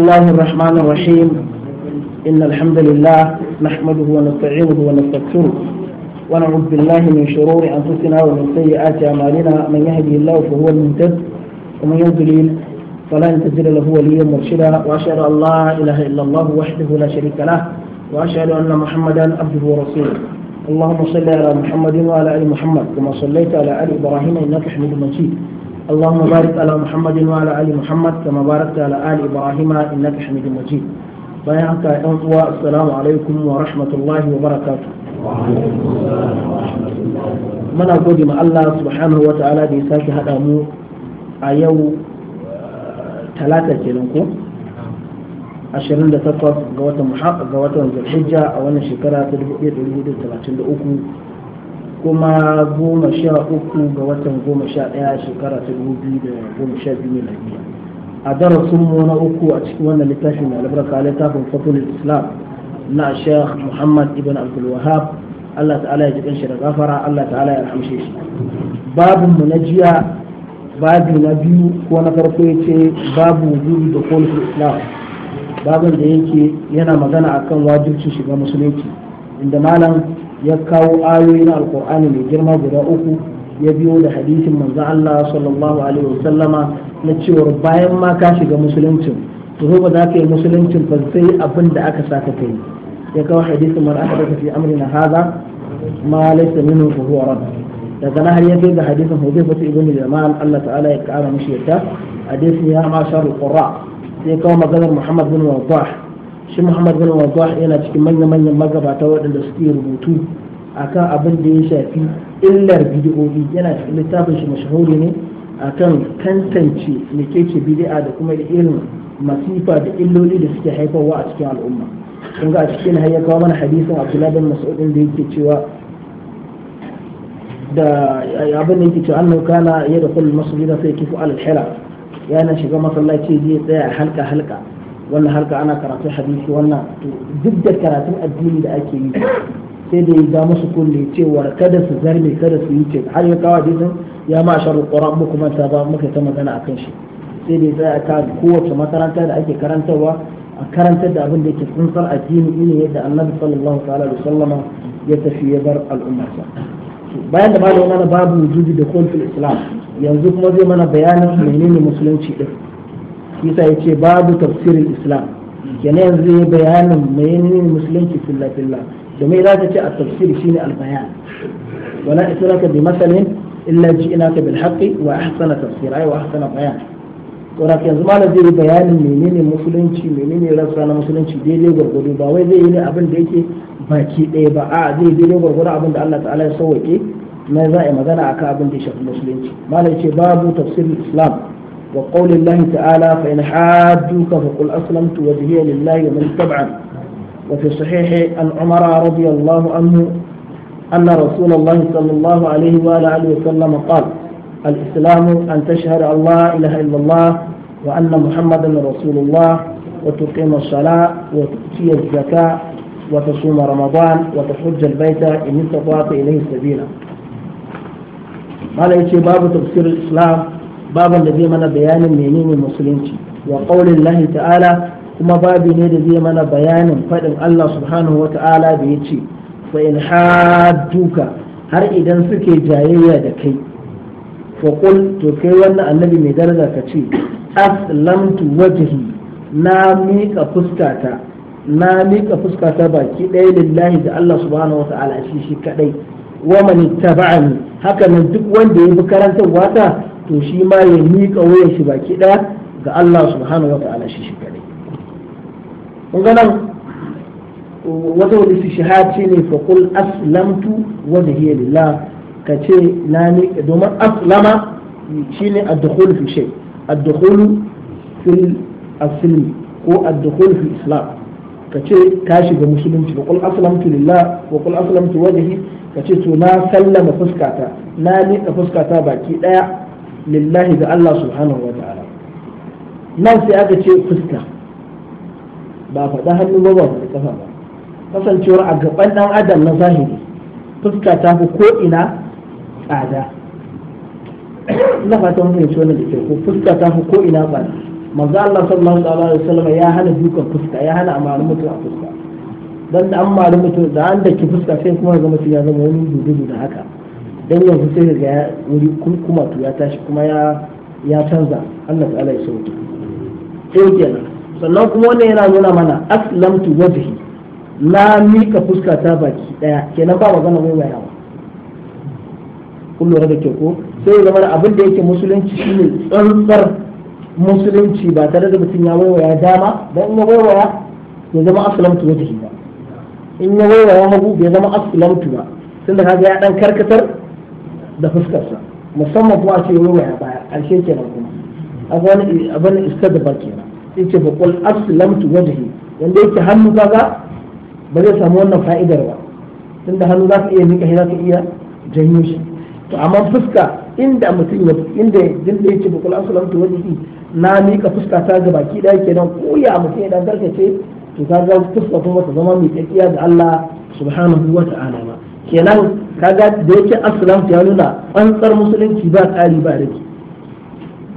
الله الرحمن الرحيم إن الحمد لله نحمده ونستعينه ونستغفره ونعوذ بالله من شرور أنفسنا ومن سيئات أعمالنا من يهدي الله فهو المهتد ومن يضلل فلا تجد له وليا مرشدا وأشهد أن لا إله إلا الله وحده لا شريك له وأشهد أن محمدا عبده ورسوله اللهم صل على محمد وعلى آل محمد كما صليت على آل إبراهيم إنك حميد مجيد اللهم بارك على محمد وعلى آل محمد كما باركت على آل إبراهيم إنك حميد مجيد bayan haka yan uwa assalamu alaikum wa rahmatullahi wa barakatu muna gode ma Allah subhanahu wa ta'ala da ya sake haɗa mu a yau eh, talata kenan ko 28 a kuma goma sha uku ga watan goma sha ɗaya shekara ta dubu biyu da goma sha biyu miladiya a darasin mu na uku a cikin wannan littafin mai albarka littafin fatul islam na sheikh muhammad ibn abdul wahab allah ta'ala ya ji shi da gafara allah ta'ala ya rahamshe shi babin mu na jiya babu na biyu ko na farko ya ce babu wujudi da kolfin islam babin da yake yana magana akan wajibcin shiga musulunci inda malam ya kawo ayoyin alkur'ani mai girma guda uku ya biyo da hadisin manzo Allah sallallahu alaihi wasallama na cewa bayan ma ka shiga musuluncin to ba za ka yi musuluncin ba sai abin da aka saka kai ya kawo hadisin man aka fi amrina hadha ma laysa minhu fa huwa rad daga nan har ya kai ga hadisin Hudayfa ibn Jamal Allah ta'ala ya kara mishi yadda hadisin ya ma sharul qurra sai kawo maganar Muhammad bin Wadhah shi muhammad bin wadda yana cikin manya-manyan magabata waɗanda suke rubutu akan abin da ya shafi illar bidiyoyi yana cikin littafin shi mashahuri ne akan tantance keke bidi'a da kuma irin masifa da illoli da suke haifarwa a cikin al'umma kun ga a cikin har ya kawo mana hadisin abdullahi bin mas'ud da yake cewa da abin da yake cewa annahu kana yadkhul masjida fa yakifu al-hilal yana shiga masallaci zai tsaya halka halka wannan harka ana karatu hadisi wannan duk da karatun addini da ake yi sai da ya ga musu kulle cewa kada su zarme kada su yi ce har ya kawo hadisin ya ma sharu qur'an mu kuma ta ba muka ta magana akan shi sai da ya ta kowace makaranta da ake karantarwa a karantar da abin da yake tsuntsar addini ne yadda annabi sallallahu ta'ala da sallama ya tafi ya bar al'ummarsa bayan da malamin mana babu wujudi da kulfil islam yanzu kuma zai mana bayanin menene musulunci din yasa ya ce babu tafsirin islam kenan yanzu zai bayanin menene musulunci filla domin za ta ce a tafsir shine albayan wala israka bi masalin illa ka bil haqqi wa ahsana tafsira wa ahsana bayan to da yanzu malam zai yi bayanin menene musulunci menene rasa na musulunci daidai gwargwado ba wai zai yi ne abin da yake baki ɗaya ba a zai daidai gwargwado abin da Allah ta'ala ya sauwaƙe na za a yi magana akan abin da ya shafi musulunci malam ce babu tafsirin islam وقول الله تعالى فإن حاجوك فقل أسلمت وجهي لله ومن تبعا وفي صحيح أن عمر رضي الله عنه أن رسول الله صلى الله عليه وآله وسلم قال الإسلام أن تشهد أن لا إله إلا الله وأن محمدا رسول الله وتقيم الصلاة وتؤتي الزكاة وتصوم رمضان وتحج البيت إن استطعت إليه سبيلا يأتي باب تفسير الإسلام baban da zai mana bayanin menene musulunci wa qaulin lahi ta'ala kuma babu ne da zai mana bayanin faɗin Allah subhanahu wa ta'ala da ya ce fa in har idan suke jayayya da kai fa qul kai wannan annabi mai daraja ka ce aslamtu wajhi na miƙa fuskata na miƙa fuskata baki ɗaya lillahi da Allah subhanahu wa ta'ala shi shi kadai wa man ittaba'ani haka nan duk wanda ya fi karantar ta to shi ma ya miƙa wayar shi baki ɗaya ga Allah subhanahu wa ta'ala shi shi kadai kun ga nan wata wani shahad shi ne fa kul aslamtu hiya lillah ka ce na ne domin aslama shine ad-dukhul fi shay ad-dukhul fil ko ad-dukhul fi islam ka ce ka shiga musulunci wa qul aslamtu lillah wa kul aslamtu wajhi ka ce to na sallama fuskata na ne fuskata baki ɗaya lillahi da Allah subhanahu wa ta'ala nan sai aka ce fuska ba faɗa hannu ba ba faɗi ƙafa a gaban ɗan adam na zahiri fuska ta fi ko ina tsada ina fatan fahimci wannan da ko fuska ta fi ko ina tsada manzo Allah sallallahu alaihi wasallam ya hana dukan fuska ya hana amarin mutum a fuska dan da an mari mutum da an daki fuska sai kuma ga mutum ya zama wani dudu da haka dan yanzu sai ga ya wuri kuma to ya tashi kuma ya ya canza Allah ta ta'ala ya sauke sai kenan sannan kuma wannan yana nuna mana aslamtu wajhi na mika fuska ta baki daya kenan ba magana mai waya ba lura da ke ko sai zama abin da yake musulunci shine tsantsar musulunci ba tare da mutum ya waiwaya dama dan ya waya ya zama aslamtu wajhi ba in ya waiwaya hagu ya zama aslamtu ba tunda kaga ya dan karkatar da fuskarsa musamman kuma a ce ruwa waya baya ƙarshe nan kuma wani abin iskar da barke na ce ba kul aslamtu wajhi wanda yake hannu kaga ba zai samu wannan fa'idar ba tunda hannu za ka iya nika shi za ka iya janyo shi to amma fuska inda mutum ya inda dinda yake ba kul aslamtu wajhi na mika fuska ta ga baki daya kenan ko ya mutum ya dan karkace to kaga fuska kuma ta zama mai tsakiya ga Allah subhanahu wa ta'ala kenan kaga da yake aslam ya nuna tsantsar musulunci ba tsari ba rage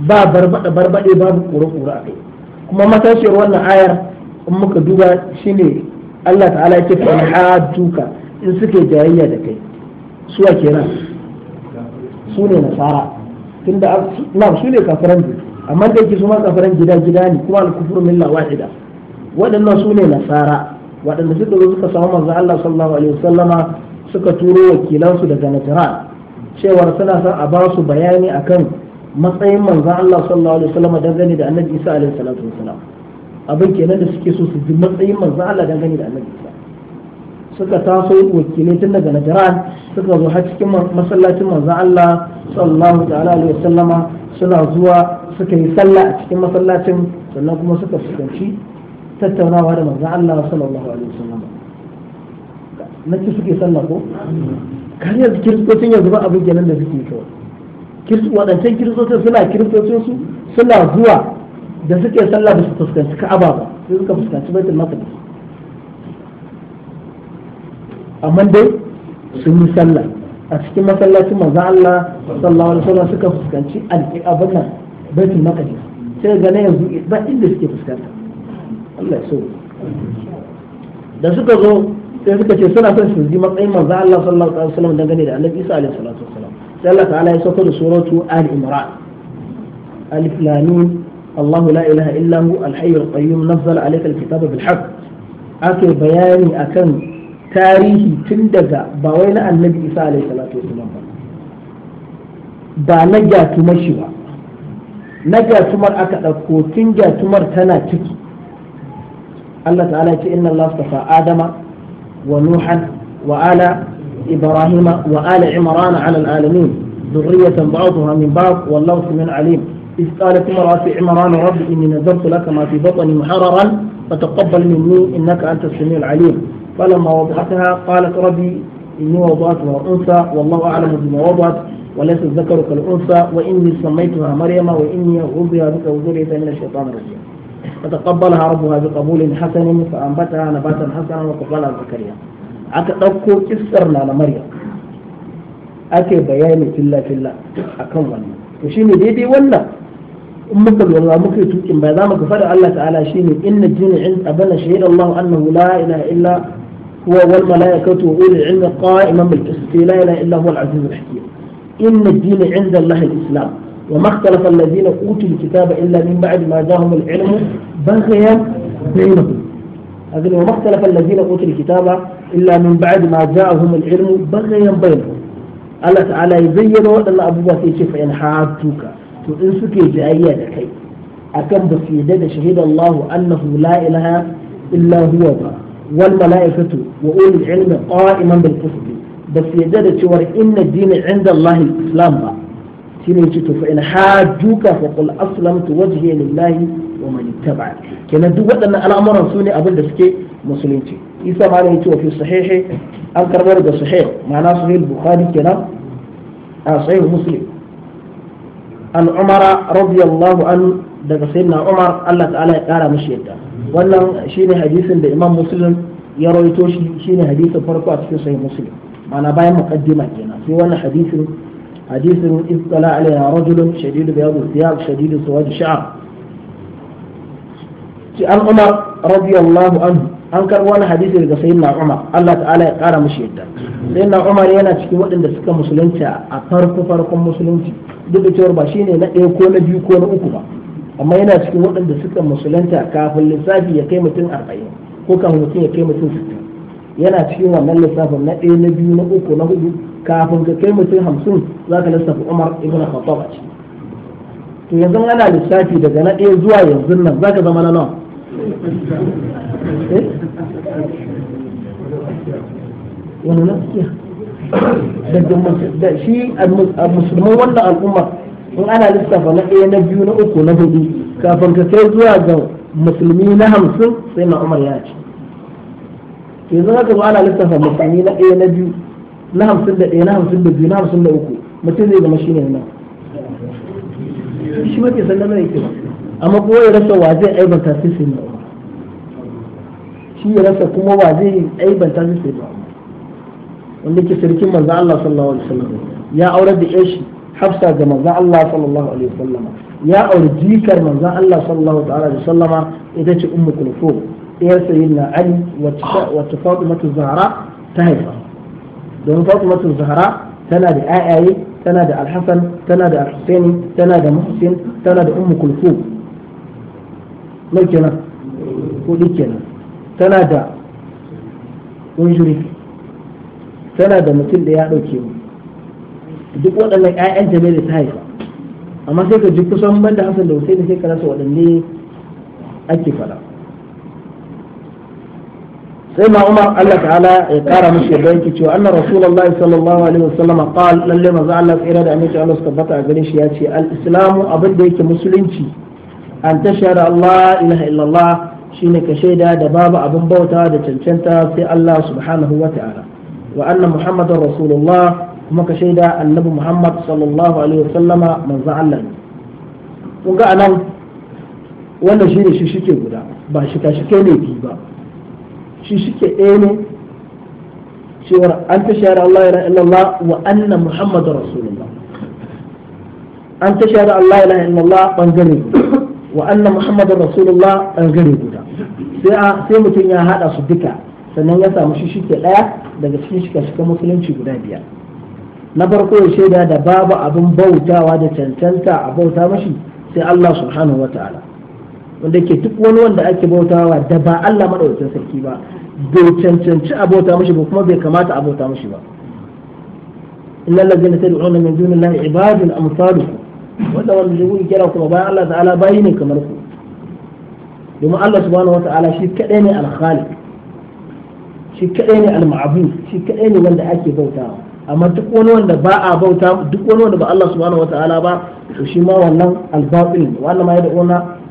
ba barbaɗe barbade ba kura-kura a kai kuma matashiyar wannan ayar in muka duba shine Allah ta'ala yake fa hajjuka in suke jayayya da kai su suwa kenan su ne nasara tunda na su ne kafiran amma da yake su ma kafiran gida gida ne kuma al-kufru milla wahida waɗannan su ne nasara waɗanda suka zo suka samu manzo Allah sallallahu alaihi wasallama suka turo wakilansu daga Najran cewar suna son a ba su bayani akan matsayin manzon Allah sallallahu alaihi wasallam dangane da Annabi Isa alaihi salatu wasallam abin kenan da suke so su ji matsayin manzon Allah dangane da Annabi Isa suka taso wakilai tun daga Najran suka zo har cikin masallacin manzon Allah sallallahu ta'ala alaihi wasallama suna zuwa suka yi sallah a cikin masallacin sannan kuma suka fuskanci tattaunawa da manzon Allah sallallahu alaihi wasallam na ci suke sallah ko kariyar kiristocin yanzu ba abin kenan da suke kawai waɗancan kiristocin suna kiristocin su suna zuwa da suke sallah ba su fuskanci ka'aba ba sai suka fuskanci baitul maqdis amma dai sun yi sallah a cikin masallacin manzo Allah sallallahu alaihi wasallam suka fuskanci al-abun nan baitul maqdis sai ga ne yanzu ba inda suke fuskanta Allah ya so da suka zo sai suka ce suna son su ji matsayin manzo Allah sallallahu alaihi wasallam dangane da Annabi Isa alaihi salatu wasallam sai Allah ta'ala ya sauko da suratu Ali Imran alif lam mim Allahu la ilaha illa hu al-hayyul qayyum nazzala alayka al-kitaba bil haqq ake bayani akan tarihi tun daga ba wai na Annabi Isa alaihi salatu wasallam ba ba na gatumar shi ba na gatumar aka ɗauko tun gatumar tana ciki Allah ta'ala ya ce inna Allah tafa Adama ونوحا وآل إبراهيم وآل عمران على العالمين ذرية بعضها من بعض والله من عليم إذ قالت امرأة عمران رب إني نذرت لك ما في بطني محررا فتقبل مني إنك أنت السميع العليم فلما وضعتها قالت ربي إني وضعتها أنثى والله أعلم بما وضعت وليس الذكر كالأنثى وإني سميتها مريم وإني أعوذ بك وذريتها من الشيطان الرجيم فتقبلها ربها بقبول حسن فأنبتها نباتا حسنا وقبلها زكريا aka ɗauko kissar na na maryam ake bayani filla filla akan wannan to shine daidai wannan in muka lura muka yi tukin ba za mu ka fada Allah ta'ala shine inna jini in abana shahida Allah annahu la ilaha illa huwa wal malaikatu wa ulul ilmi qa'iman bil qist la ilaha illa huwa al aziz al hakim inna jini inda Allah al islam وما اختلف الذين أوتوا الكتاب إلا من بعد ما جاءهم العلم بغيا بينهم أذن وما اختلف الذين أوتوا الكتاب إلا من بعد ما جاءهم العلم بغيا بينهم الله تعالى يبين وأن أبو بكر يشوف إن حاجتك to in suke jayayya da kai akan ba su da shahid Allah annahu la ilaha illa huwa ba wal mala'ikatu wa ulul ilmi qa'iman bil qist ba da cewa inna dini inda Allah islam ba shine yace to fa in hajjuka fa qul aslamtu wajhiya lillahi wa man ittaba kenan duk waɗannan al'amuran su ne abin da suke musulunci isa ma yace wa fi sahihi an karbar da sahih ma'ana sahih bukhari kenan a sahih muslim an umara radiyallahu an daga sayyidina umar Allah ta'ala ya kara mishi yadda wannan shine hadisin da imam muslim ya rawaito shi shine hadisin farko a cikin sahih muslim ma'ana bayan muqaddima kenan sai wannan hadisin Hadisin اطلع عليها رجل شديد بياض الثياب an karɓo wani hadisi daga sayyidina Umar Allah ta'ala ya ƙara mushi yadda sayyidina Umar yana cikin waɗanda suka musulunta a farko farkon musulunci duk da cewa ba shine na ɗaya ko na biyu ko na uku ba amma yana cikin waɗanda suka musulunta kafin lissafi ya kai mutum arba'in ko kafin mutum ya kai mutum sittin yana cikin wannan lissafin na ɗaya na biyu na uku na hudu kafin ka kai mutum hamsin za ka lissafi umar ibn khattab a ciki to yanzu ana lissafi daga na ɗaya zuwa yanzu nan za ka zama na nawa eh? wani nasiya da shi a musulman wannan al'umma in ana lissafa na ɗaya na biyu na uku na hudu kafin ka kai zuwa ga musulmi na hamsin sai na umar ya ci yanzu haka ba ana lissafa mutane na ɗaya na biyu na hamsin da ɗaya na hamsin da biyu na hamsin da uku mutum zai zama shi ne nan shi mafi san na yake ba amma kuma ya rasa wa zai aibanta sai sai na shi ya rasa kuma wa zai aibanta sai sai na wanda ke sarkin manzo Allah sallallahu alaihi wasallam ya aurar da yashi hafsa ga manzo Allah sallallahu alaihi wasallam ya aure jikar manzo Allah sallallahu alaihi wasallam ita ce ummu kulfu ɗiyar sayyidina ali wacce fatimatu zahra ta haifa don fatimatu zahra tana da ayaye tana da alhassan tana da alhussaini tana da muhsin tana da ummu kulfu mai kenan hudu kenan tana da unjuri tana da mutum da ya ɗauke mu duk waɗannan ƴaƴan ta ne da ta haifa amma sai ka ji kusan banda hasan da husaini sai ka rasa waɗanne ake faɗa sai ma umar Allah ta'ala ya kara mishi yadda yake cewa annar rasulullahi sallallahu alaihi wa wasallam qal lalle maza Allah tsira da aminci Allah suka bata a gare shi ya ce al-islamu abin da yake musulunci an tashara Allah ilaha illallah shine ka shaida da babu abin bauta da cancanta sai Allah subhanahu wa ta'ala wa anna muhammadar rasulullah kuma ka shaida annabi muhammad sallallahu alaihi wa wasallam manzo Allah ne kun ga anan wannan shine shi shike guda ba shi ka shike ne bi ba shi suke ɗaya ne cewar an ta shahara Allah ya ra'ayi Allah wa annan Muhammadu Rasulullah an ta shahara Allah ya ra'ayi Allah bangare guda wa annan Muhammadu Rasulullah bangare guda sai a sai mutum ya haɗa su duka sannan ya samu shi shike ɗaya daga cikin shika-shika musulunci guda biyar na farko ya shaida da babu abin bautawa da cancanta a bauta mashi sai Allah subhanahu wa ta'ala wanda ke duk wani wanda ake bautawa da ba Allah madaukakin sarki ba bai cancanci a bauta mashi ba kuma bai kamata a bauta mashi ba inna allazina tad'una min dunillahi ibadun amsalukum wanda wanda zai kira kuma bayan Allah ta'ala bayi ne kamar ku domin Allah subhanahu wata'ala shi kaɗai ne al-khaliq shi kadai ne al-ma'bud shi kadai ne wanda ake bautawa amma duk wani wanda ba a bauta duk wani wanda ba Allah subhanahu wata'ala ba to shi ma wannan al-batil wannan ma ya da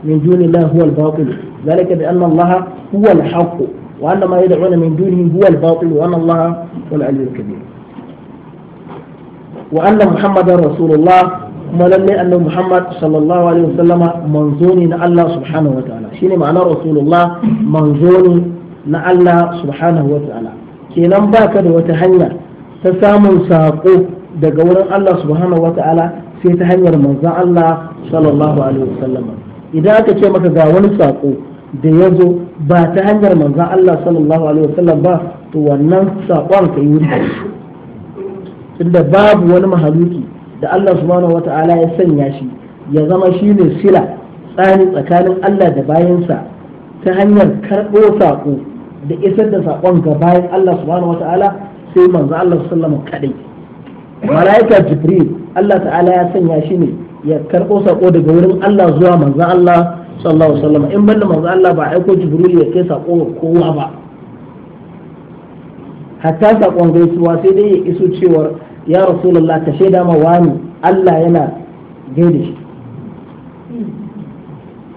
من دون الله هو الباطل ذلك بأن الله هو الحق وأن ما يدعون من دونه هو الباطل وأن الله هو العلي الكبير وأن محمدا رسول الله kuma lalle annabi Muhammad sallallahu alaihi wasallam manzo ne na Allah subhanahu wataala shine ma'ana rasulullah manzo ne na Allah subhanahu kenan baka da wata hanya ta samun saƙo daga wurin Allah subhanahu wataala sai ta hanyar manzon Allah sallallahu alaihi idan aka ce maka ga wani sako da ya zo ba ta hanyar manzan Allah sallallahu alaihi wasallam ba to wannan saƙon ka yi wuri Da babu wani mahaluki da Allah subhanahu wata'ala ya sanya shi ya zama shi ne sila tsani tsakanin Allah da bayansa ta hanyar karɓo saƙo da isar da saƙon ga bayan Allah subhanahu wata'ala sai manzan Allah sallallahu alaihi wasallam kaɗai jibril Allah ta'ala ya sanya shi ne ya karɓo sako daga wurin Allah zuwa manzan Allah sallallahu alaihi wasallam in banda manzan Allah ba aiko jibril ya kai sako ga kowa ba hatta sakon gaisuwa sai dai ya iso cewar ya rasulullah ta shaida ma wani Allah yana gaida shi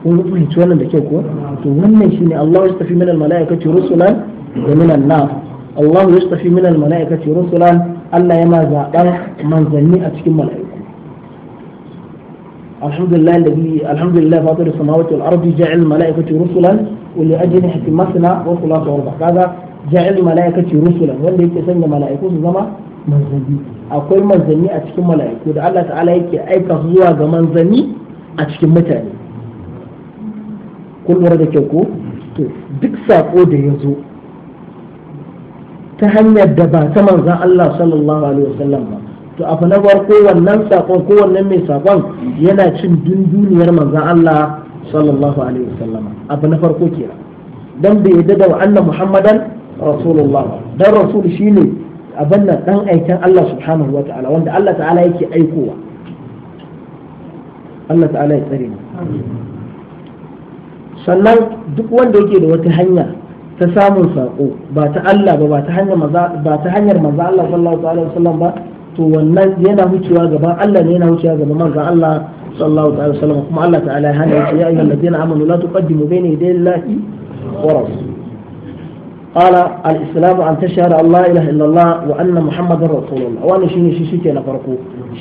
ku fahimci wannan da kyau ko to wannan shine Allah ya tafi min al-mala'ikati rusulan da min an-nas Allah ya tafi min al-mala'ikati rusulan Allah yana zaɓar manzanni a cikin mala'iku الحمد لله الذي الحمد لله فاطر السماوات والارض جعل الملائكه رسلا ولي اجنحه مثنى وثلاث وربع هذا جعل الملائكه رسلا wanda yake sanya mala'iku su zama manzanni akwai manzanni a cikin mala'iku da Allah ta'ala yake aika zuwa ga manzanni a cikin mutane kun da kyau ko to duk sako da ya zo ta hanyar da ba ta manzan Allah sallallahu alaihi wasallam ba to abu na farko wannan sakon ko wannan mai sakon yana cin dunduniyar manzon Allah sallallahu alaihi wasallam abu na farko kenan dan bai yadda da wa'annan muhammadan rasulullah dan rasul shine abin nan dan aikin Allah subhanahu wa ta'ala wanda Allah ta'ala yake aikowa Allah ta'ala ya tsare mu sannan duk wanda yake da wata hanya ta samun sako ba ta Allah ba ta hanyar maza ba ta hanyar manzo Allah sallallahu alaihi wasallam ba to wannan yana wucewa gaban Allah ne yana wucewa gaban manzon Allah sallallahu ta'ala sallama kuma Allah ta'ala ya hana ya ayyuha alladhina amanu la tuqaddimu bayna yaday Allahi wa rasul قال الإسلام أن تشهد kuma لا إله إلا الله وأن محمد رسول الله وأنا شيني شي شي كنا فرقو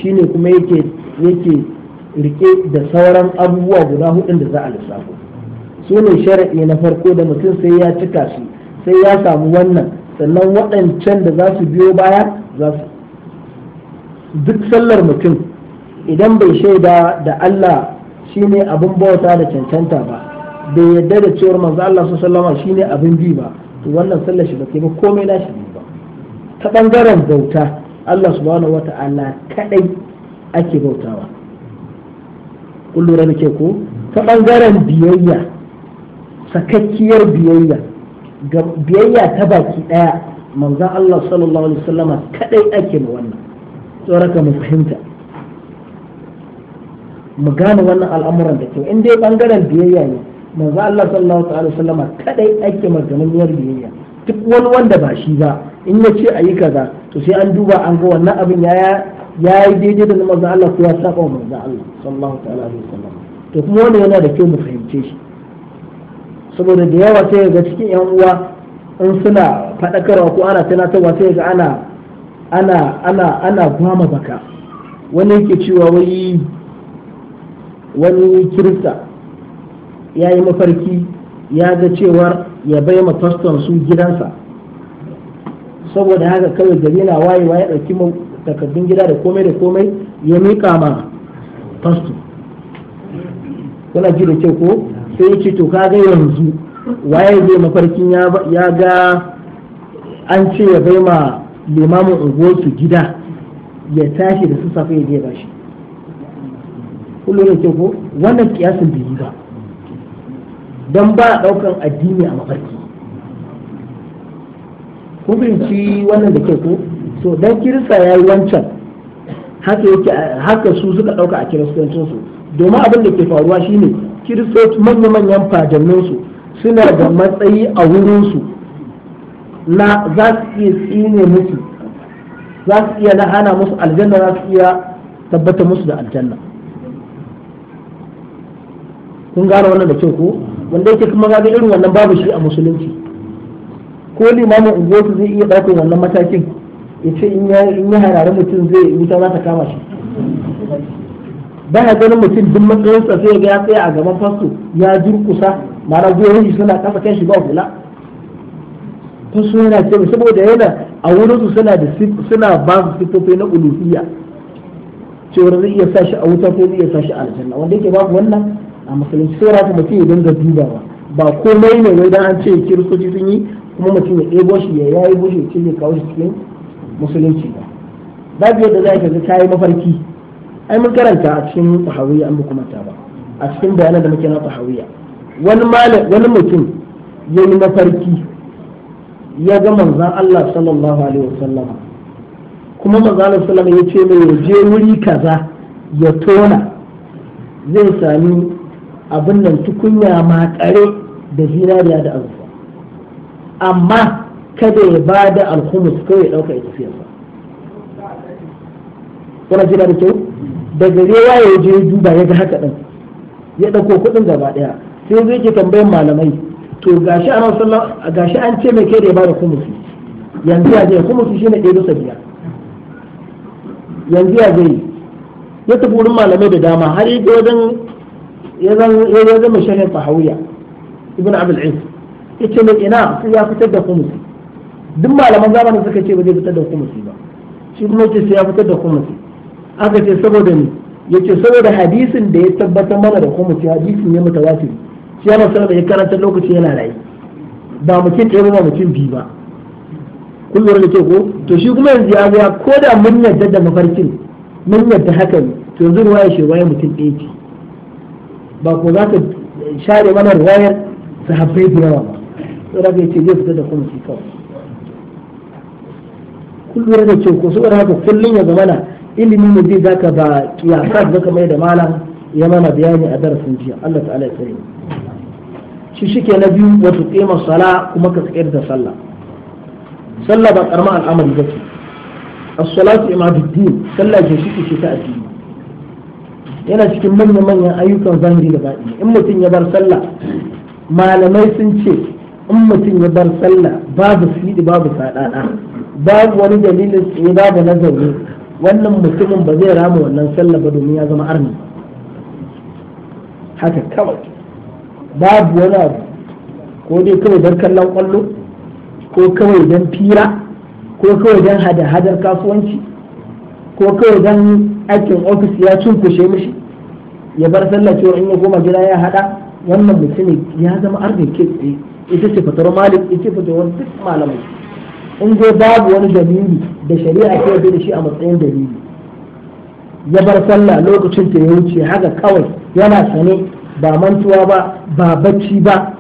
شيني كما يكي يكي rike da sauran abubuwa guda hudun da za a lissafo su ne shari'i na farko da mutum sai ya cika shi sai ya samu wannan sannan waɗancan da za su biyo baya za su duk sallar mutum idan bai shaida da Allah shine abin bauta da cancanta ba bai yadda da cewar manzo Allah sallama shine abin bi ba to wannan sallar shi ba kai ba komai na shi ba ta bangaren bauta Allah subhanahu wata'ala kadai ake bautawa kun lura ke ko ta bangaren biyayya sakakkiyar biyayya biyayya ta baki daya manzan Allah sallallahu alaihi wasallama kadai ake ma wannan tsoraka mu fahimta mu gane wannan al'amuran da kyau in dai bangaren biyayya ne manzo Allah sallallahu alaihi wasallama kadai ake magananiyar biyayya duk wani wanda ba shi ba in ya ce ayi kaza to sai an duba an ga wannan abin ya ya yi daidai da manzo Allah ko ya saba wa manzo Allah sallallahu ta'ala alaihi wasallam to kuma wannan yana da kyau mu fahimce shi saboda da yawa sai ga cikin yan uwa in suna faɗakarwa ko ana tunatarwa sai ga ana ana ana kwama baka wani yake cewa wai wani kirista ya yi mafarki ya ga cewa ya bai ma faston su gidansa saboda haka kawai gari na wayewa ya ɗauki takardun gida da komai da komai ya mika ma fasto kuna ji da kyau ko sai ya ce to kaga yanzu waye zai mafarkin ya ga an ce ya bai ma limamin unguwarsu gida ya tashi da su safe ya je bashi kullum ke ko wannan kiyasin bai yi ba don ba a ɗaukan addini a mafarki ko fahimci wannan da ke ko so dan kirista ya yi wancan haka yake haka su suka ɗauka a kiristocinsu domin abin da ke faruwa shine kiristoci manya-manyan fadanninsu suna da matsayi a wurinsu na za su iya tsine musu za su iya lahana musu aljanna za su iya tabbata musu da aljanna kun gane wannan da kyau ko wanda yake kuma ga irin wannan babu shi a musulunci ko limamin unguwarsu zai iya ɗaukar wannan matakin ya ce in ya hararin mutum zai wuta za ta kama shi ba ganin mutum duk matsayinsa sai ga ya tsaya a gaban fasto ya durkusa mara goyon shi suna kafa kai shi ba hula kun su yana ce saboda yana a wurin su suna da suna ba su sifofi na uluhiyya cewar zai iya sa shi a wuta ko zai iya sa shi a aljanna wanda yake babu wannan a musulunci sai rafi mutum ya dinga dubawa ba komai ne wai dan an ce kiristoci sun yi kuma mutum ya ɗebo shi ya yayi bushe ya ce zai kawo shi cikin musulunci ba babu yadda za ka ga yi mafarki ai mun karanta a cikin tahawiyya an kuma ta ba a cikin bayanan da muke na tahawiyya wani malam wani mutum ya yi mafarki ya ga manzan Allah sallallahu alaihi wasallama kuma manzan Allah sallallahu ya ce mai je wuri kaza ya tona zai sami abin nan tukunya ma makare da zinariya da azufa amma kada ya ba da alhumus kawai ya ɗauka ya tafiyarsa wani jina da kyau da gare ya yi je duba ya ga haka ɗin ya ɗauko kuɗin gaba ɗaya sai zai ke tambayin malamai to gashi a sallan gashi an ce mai kai da ya bada kumusi yanzu ya je kumusi shine ɗaya bisa yanzu ya je ya tafi wurin malamai da dama har yi wajen ya zama shahin fahawiya ibn abul is ya ce mai ina sai ya fitar da kumusi duk malaman zamanin suka ce ba zai fitar da kumusi ba shi kuma ce sai ya fitar da kumusi aka ce saboda ni ya ce saboda hadisin da ya tabbatar mana da kumusi hadisin ne mutawatir shi yana da ya karanta lokaci yana rayu ba mutum ɗaya ba mutum biyu ba kun lura da ke ko to shi kuma yanzu ya ga ko da mun yarda da mafarkin mun yarda hakan to yanzu ruwaya shi ruwaya mutum ɗaya ce ba ko za ka share mana ruwayar sahabbai da yawa ba sai da ce zai fita da kuma shi kawai kun lura da ke ko saboda haka kullum ya zamana ilimin ne zai zaka ba kiyasa zaka mai da malam ya mana bayani a darasin jiya Allah ta'ala ya tsare mu shi shike na biyu wato qima sala kuma ka tsayar da sallah sallah ba karama al'amari bace as-salatu imaduddin sallah ce shi ta addini yana cikin manyan manyan ayyukan zahiri da baɗi in mutum ya bar sallah malamai sun ce in mutum ya bar sallah babu fiɗi babu saɗaɗa babu wani dalilin tsaye babu nazari wannan mutumin ba zai rama wannan sallah ba domin ya zama arni haka kawai babu wani abu ko dai kawai don kallon kwallo ko kawai don fira ko kawai don hada-hadar kasuwanci ko kawai don aikin ofis ya cunkushe mishi ya bar sallah cewa in ya goma gida ya hada wannan mutum ya zama arziki tsaye ita ce fatar malik ita ce duk malamai in dai babu wani dalili da shari'a ke yarda da shi a matsayin dalili ya bar sallah lokacin ta ya wuce haka kawai yana sane ba mantuwa ba ba bacci ba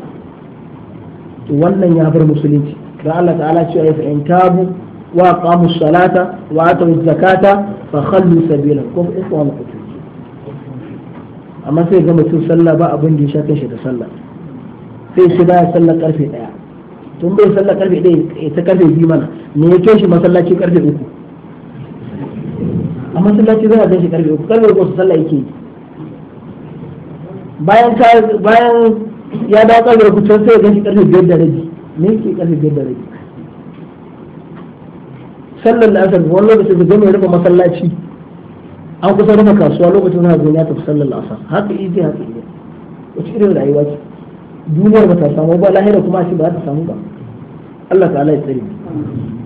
to wannan ya bar musulunci da Allah ta'ala ce ya fa'in tabu wa qamu salata wa atu zakata fa khallu sabila ko ikhwan kutu amma sai ga mutum sallah ba abin da ya shafe shi da sallah sai shi baya sallah karfe daya tun bai sallah karfe daya ta karfe biyu mana me yake shi masallaci karfe uku a masallaci za a gan shi karfe uku karfe uku sallah yake yi bayan ya dawo da kucin sai ga gashi karfe biyar da rabi me ke karfe biyar da rabi sallar da asar wani lokaci zama ya rufe masallaci an kusa rufe kasuwa lokacin na ya tafi sallar asar haka zai haka ije wacce irin rayuwa ce duniyar ba ta samu ba lahira kuma shi ba ta samu ba Allah ala ya tsare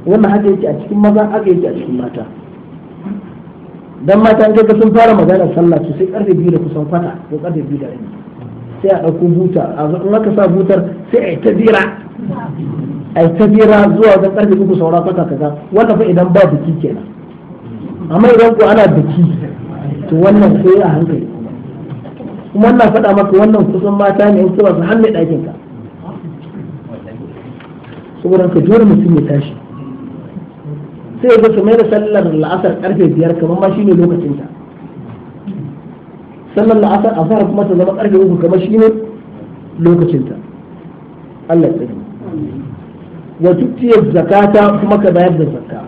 wannan haka yake a cikin maza haka yake a cikin mata dan mata an kaga sun fara magana sallah to sai karfe biyu da kusan kwata ko karfe biyu da rabi sai a ɗauko buta a in aka sa butar sai a yi ta bira a yi ta bira zuwa wajen karfe uku saura kwata kaza wannan fa idan ba biki kenan amma idan ko ana biki to wannan sai a hankali kuma wannan faɗa maka wannan kusan mata ne in ba su hannu ɗakin ka saboda ka dole mutum ya tashi sai ga su mai da sallar la'asar karfe biyar kamar ma shine lokacin ta sallar la'asar a fara kuma ta zama karfe uku kamar shine lokacin ta Allah ya tsare wa tutiyar zakata kuma ka bayar da zakka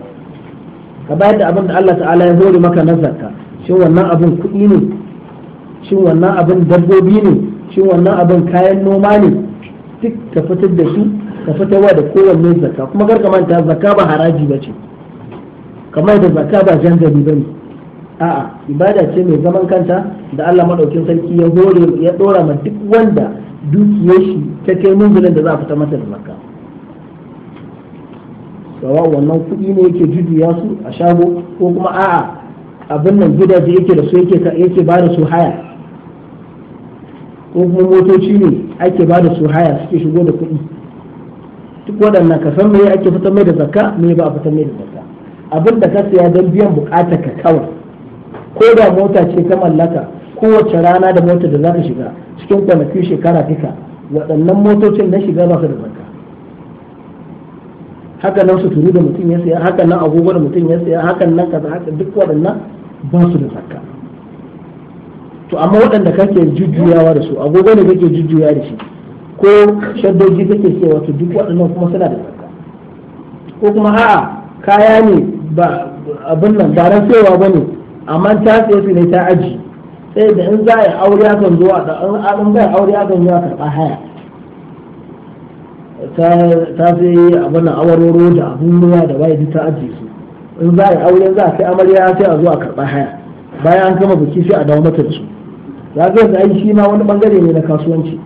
ka bayar da abin da Allah ta'ala ya hore maka na zakka shin wannan abin kuɗi ne shin wannan abin dabbobi ne shin wannan abin kayan noma ne duk ka fitar da su ka fitarwa da kowanne zakka kuma kar ka manta zakka ba haraji ba ce kamar da zakka ba jangali ba ne a'a ibada ce mai zaman kanta da Allah madaukin sarki ya hore ya dora ma duk wanda dukiyar shi ta kai munzulin da za a fita mata da zakka sawa wannan kuɗi ne yake jujuya su a shago ko kuma a'a abin nan gidaje yake da su yake yake ba da su haya ko kuma motoci ne ake ba da su haya suke shigo da kuɗi duk waɗannan ka san me ake fitar mai da zakka me ba a fitar mai da zakka abin da ka siya don biyan bukata ka kawai ko da mota ce ka mallaka kowace rana da mota da za ka shiga cikin kwanaki shekara duka waɗannan motocin na shiga ba su da zarka haka nan suturu da mutum ya siya haka nan agogo da mutum ya siya haka nan kaza haka duk waɗannan ba su da zarka to amma waɗanda kake jujjuyawa da su agogo ne kake jujjuya da shi ko shaddoji kake siya wato duk waɗannan kuma suna da zarka ko kuma a'a kaya ne ba abin nan ba rasewa ba ne amma ta tsaye su ne ta aji sai da in za a yi aure akan zuwa da in za a yi aure akan zuwa karɓa haya ta sai abin nan awaroro da abin ruwa da bai ji ta aji su in za a yi aure za a kai amarya sai a zuwa karɓa haya bayan an kama biki sai a dawo mata da su za ga yanzu shi ma wani bangare ne na kasuwanci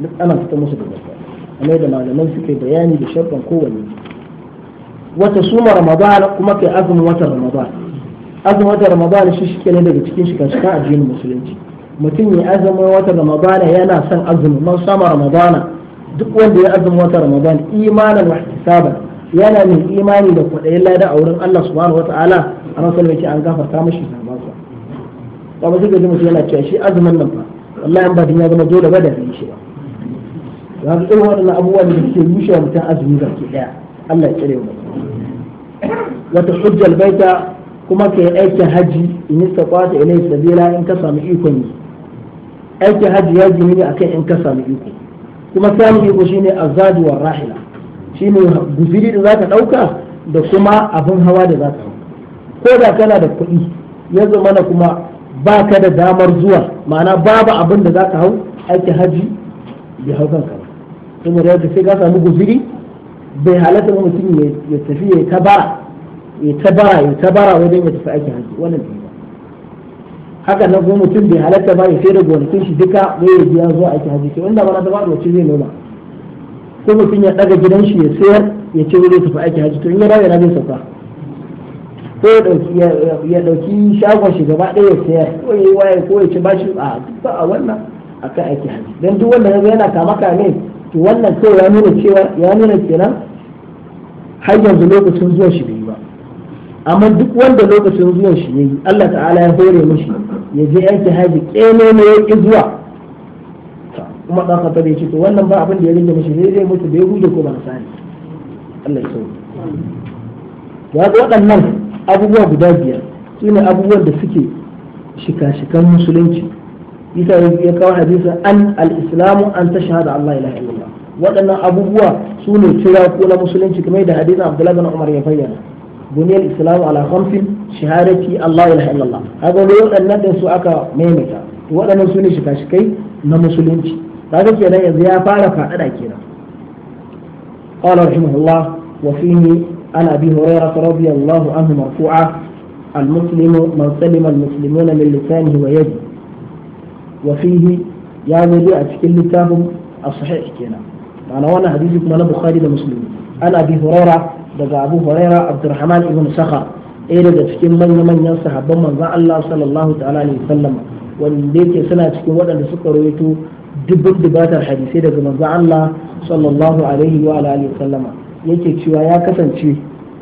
duk ana fita musu da gaskiya amma da malaman suke bayani da sharɗin kowanne wata suma Ramadana kuma kai azumin watan Ramadana azumin watan ramadan shi shike ne daga cikin shika-shika addinin musulunci mutum ya azumin watan Ramadana yana son azumin man sama Ramadana duk wanda ya azumin watan Ramadana imanin wa ihtisaban yana mai imani da kwaɗayin lada a wurin Allah subhanahu wataala a rasul yake an gafarta mashi sabansa ba ba sai mutum yana cewa shi azumin nan fa wallahi an ba ya zama dole ba da shi ba za ka irin waɗannan abubuwan da suke rushe mutum azumi baki ɗaya Allah ya tsare mu wata hujjal baita kuma ka yi aikin haji in istata ilai sabila in ka samu ikon yi aikin haji ya jini ne akan in ka samu iko kuma samun iko shine azadu war rahila shine guziri da zaka dauka da kuma abin hawa da zaka hau ko da kana da kuɗi ya zama na kuma baka da damar zuwa ma'ana babu abin da zaka hau aikin haji bai hau kanka ba saboda yadda sai ka samu guziri bai halatta mutum ya tafi ya ta ba ya ta bara ya ta bara wajen ya tafi aikin haji wannan bai ba haka nan kuma mutum bai halatta ba ya sai da gonakin shi duka ne ya biya zuwa aikin haji to inda ba ta ba wacce zai noma ko mutum ya daga gidan shi ya sayar ya ce zai tafi aikin haji to in ya dawo yana zai sauka ko ya dauki shagon shi gaba ɗaya ya sayar ko ya yi waye ko ya ci bashi a ba a wannan akan aikin haji dan duk wanda yana kama kame to wannan kawai ya nuna cewa ya nuna kenan har yanzu lokacin zuwa shi ne amma duk wanda lokacin zuwan shi yayi Allah ta'ala ya hore mishi ya je yanki haji kene ne ya ki zuwa kuma dan ka tabe to wannan ba abin da ya rinda mishi zai zai mutu da ya huje ko ba sani Allah ya sauke ya ga waɗannan abubuwa guda biyar sune abubuwan da suke shika-shikan musulunci isa ya kawo hadisa an al-islamu an tashhadu Allah ilaha illallah waɗannan abubuwa sune kira ko na musulunci kamar da hadisin Abdullah bin Umar ya bayyana buniyar islamu ala khamsin shahadati Allah ilaha illallah kaga ne waɗannan da su aka maimaita to waɗannan su ne shika-shikai na musulunci kaga kenan yanzu ya fara faɗaɗa kenan qala rahimahullah wa fihi an abi hurairah radiyallahu anhu marfu'a المسلم من سلم المسلمون من لسانه ويده وفيه يا ودي أتكلم لتاهم الصحيح كنا معنى وانا حديثكم أنا بخاري ومسلم أنا أبي هريرة daga abu huraira abdurrahman ibn sakha ɗaya daga cikin manya-manyan sahabban manzon Allah sallallahu ta'ala alaihi wasallam wanda yake suna cikin waɗanda suka rawaito dubban dubatar hadisai daga manzon Allah sallallahu alaihi wa alihi wasallam yake cewa ya kasance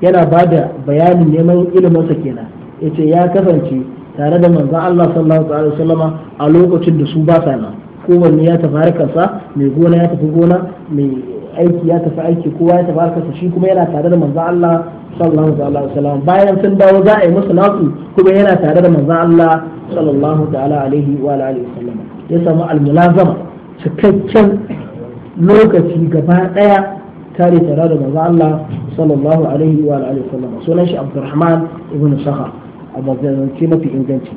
yana bada bayanin neman ilimin sa kenan yace ya kasance tare da manzon Allah sallallahu alaihi wasallam a lokacin da su ba sa nan kowanne ya tafi harkarsa mai gona ya tafi gona mai aiki ya tafi aiki kowa ya tafi harkarsa shi kuma yana tare da manzo Allah sallallahu alaihi wasallam bayan sun dawo za a yi musu nasu kuma yana tare da manzo Allah sallallahu ta'ala alaihi wa alihi wasallam ya samu almulazama cikakken lokaci gaba daya tare tare da manzo Allah sallallahu alaihi wa alihi wasallam sunan shi Abdurrahman ibn Sakha abazanci mafi inganci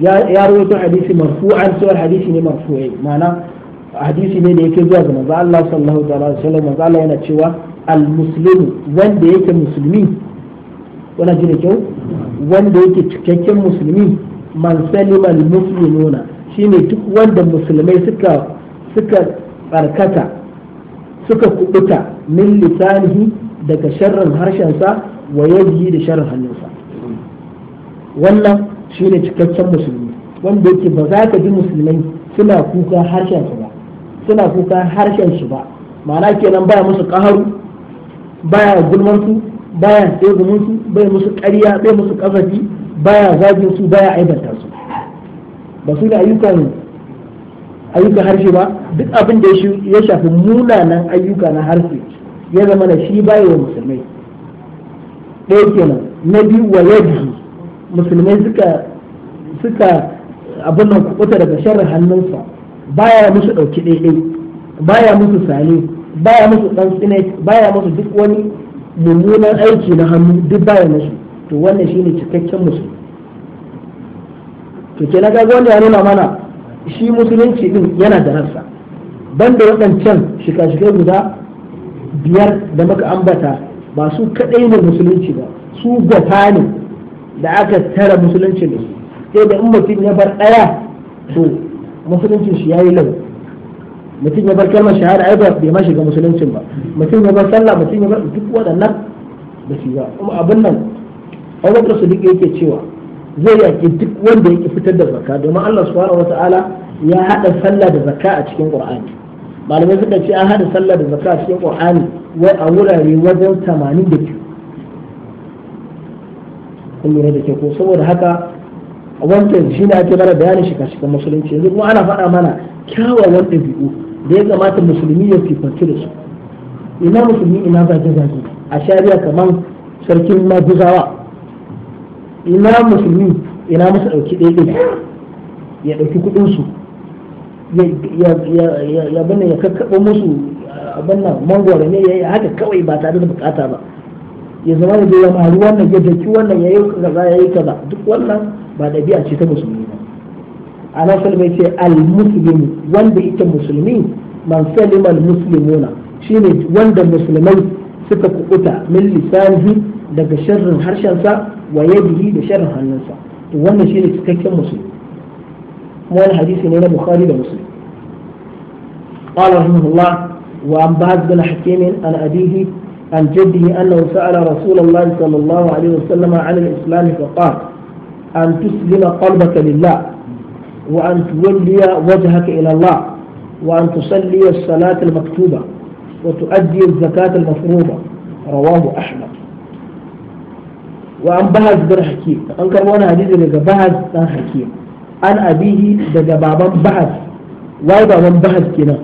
ya rawaito hadisi marfu'an sai hadisi ne marfu'i ma'ana hadisi ne da yake zuwa ga manzo Allah sallallahu alaihi wasallam manzo Allah yana cewa al-muslimu wanda yake musulmi wala ji da kyau wanda yake cikakken musulmi man salima al-muslimuna shine duk wanda musulmai suka suka barkata suka kubuta min lisanihi daga sharrin harshensa wa yadihi da sharrin hannunsa wannan shine cikakken musulmi wanda yake ba za ka ji musulmai suna kuka harshensa ba suna kukan harshen shi ba ma'ana kenan baya musu kaharu baya gulman su baya tsegumin su bai musu ƙarya bai musu kasafi baya zagin su baya aibanta su ba su da ayyukan ayyukan harshe ba duk abin da ya shafi munanan ayyuka na harshe ya zama da shi baya wa musulmai ɗaya kenan na biyu wa yadda musulmai suka suka abin nan kuɓuta daga sharar hannunsa baya musu ɗauki daidai baya musu sani baya musu ɗan tsinai baya musu duk wani mummunan aiki na hannu duk baya musu to wannan shine cikakken musulmi to ke na gaga wanda ya nuna mana shi musulunci din yana da rassa banda waɗancan shika-shikai guda biyar da muka ambata ba su kaɗai ne musulunci ba su gwafa ne da aka tara musulunci da su sai da in mutum ya bar ɗaya to musulunci shi yayi lau mutum ya bar kalmar shahada ai ba bai ma shiga musuluncin ba mutum ya bar sallah mutum ya bar duk waɗannan da su ba kuma abin nan Abubakar Siddiq yake cewa zai yaki duk wanda yake fitar da zakka domin Allah subhanahu wataala ya hada sallah da zakka a cikin Qur'ani malamai suka ce an hada sallah da zakka a cikin Qur'ani wai a wurare wajen 82 kun lura da ke ko saboda haka wancan shi ne ake mana bayanin shika-shikan musulunci yanzu kuma ana faɗa mana kyawawan ɗabi'u da ya kamata musulmi ya fifanci da su ina musulmi ina zage-zage a shari'a kamar sarkin maguzawa ina musulmi ina musu ɗauki ɗaiɗai ya ɗauki kuɗinsu ya bane ya kakkaɓa musu abin nan eh, ne ya yi haka kawai ba tare da bukata ba ya zama da ya maru wannan ya daki wannan ya yi kaza ya yi kaza duk wannan ba ɗabi'a ce ta musulmi ba ana salmai ce al-muslim wanda yake musulmi man salima al-muslimuna shine wanda musulmai suka kukuta min lisanihi daga sharrin harshensa wa yadihi da sharrin hannunsa to wannan shine cikakken musulmi kuma wani hadisi ne na bukhari da muslim قال رحمه الله وعن بعض بن حكيم عن أبيه عن جده أنه سأل رسول الله صلى الله عليه وسلم عن الإسلام فقال أن تسلم قلبك لله وأن تولي وجهك إلى الله وأن تصلي الصلاة المكتوبة وتؤدي الزكاة المفروضة رواه أحمد وعن بهز بن حكيم أنكر وانا حديث لك بهز بن حكيم عن أبيه دقى بابا بهز وايضا من بهز كنا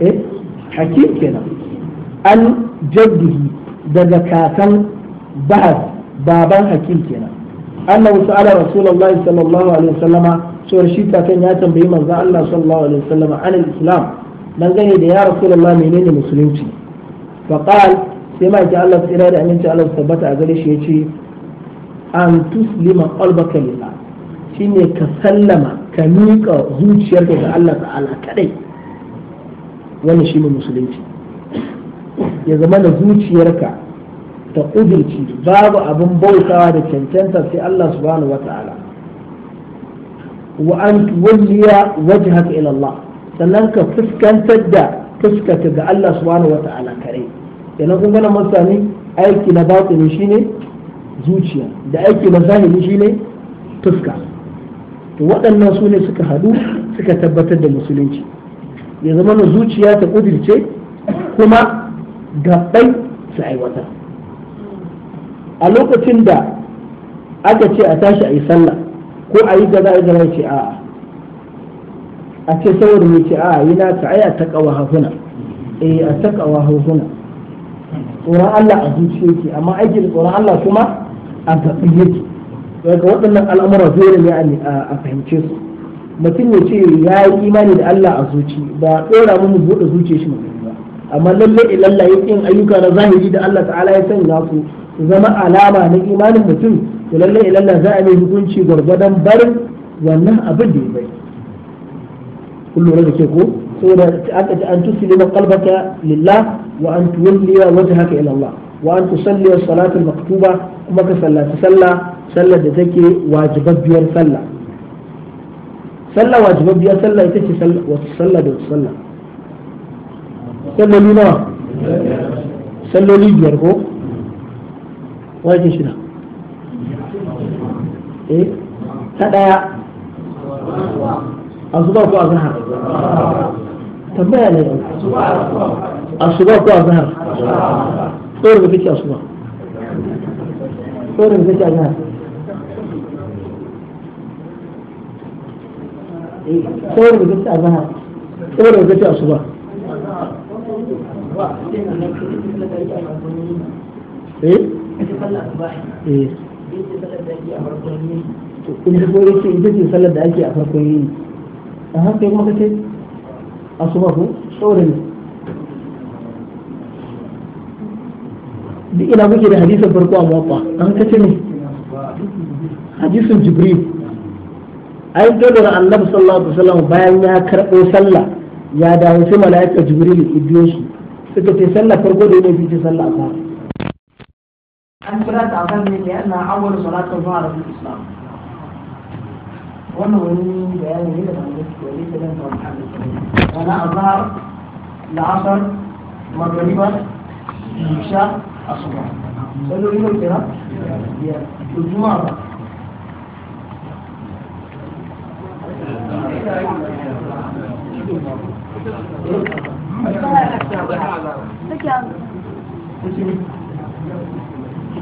إيه حكيم كنا عن جده دقى بهز baban hakim kenan annahu sa'ala rasulullahi sallallahu alaihi wasallama cewar shi kakan ya tambayi manzon Allah sallallahu alaihi wasallama an al-islam dangane da ya rasulullah menene musulunci fa qal sai ma ki Allah tsira da aminci Allah tabbata a gare shi yace an tuslima qalbaka lillah shine ka sallama ka miƙa zuciyarka ga Allah ta'ala kadai wannan shine musulunci ya zama da zuciyarka ta ƙudurci babu abin bautawa da cancanta sai Allah subhanahu wa ta'ala wa an tuwalliya wajhaka ila Allah sannan ka fuskantar da fuskata ga Allah subhanahu wa ta'ala kare idan kun gana masani aiki na batini shine zuciya da aiki na zahiri shine fuska to waɗannan su ne suka hadu suka tabbatar da musulunci ya zama na zuciya ta ƙudirce kuma gaɓai su aiwatar. a lokacin da aka ce a tashi a yi sallah ko a yi gaza a yi a ce a'a a ce saboda mai ce a'a na ta Aya ta takawa hafuna eh a takawa hafuna tsoron Allah a zuciya yake amma aikin tsoron Allah kuma a tafi yake daga waɗannan al'amura zuwa ne a fahimce su mutum ya ce ya yi imani da Allah a zuci ba ɗora mu buɗe zuciya shi mu ba amma lallai lallai yin ayyuka na zahiri da Allah ta'ala ya sanya su zama alama na imanin mutum to lalle ilalla za a yi hukunci gwargwadon barin wannan abin da ya bai kullum da ke ko saboda aka ce an tusilima qalbaka lillah wa an tuwalliya wajhaka ila Allah wa an tusalli as-salata al-maktuba kuma ka sallaci sallah sallar da take wajibabbiyar sallah sallah wajibabbiyar sallah ita ce wata sallah da wata sallah salloli nawa salloli biyar ko wajen shida eh ta ɗaya daya asuba ko azhar tambaya ne a asuba ko zahar tsoron da kake asuba tsoron da kake zahar tsoron da kake zahar tsoron da kake asuba eh Eh. in ji kawai ce ita ce sallar da ake a farkon yini a haka kuma kace a su ko saboda ne duk ina kuke da hadisin farko a mawafa an kace ne hadisin jibril ai dole annabi sallallahu alaihi wasallam bayan ya karɓo sallah ya dawo sai mala'ika jibril ya biyo shi suka ce sallah farko da ne bi ce sallah a fara أنا كنت أعتقد لأنها أول صلاة الظهر في الإسلام. وأنا أقول بأن هي المغرب وليس لم تكن أنا أظهر العصر مغربا العشاء الصبح. سألوا لي الكلام؟ هي الجمعة. Thank you.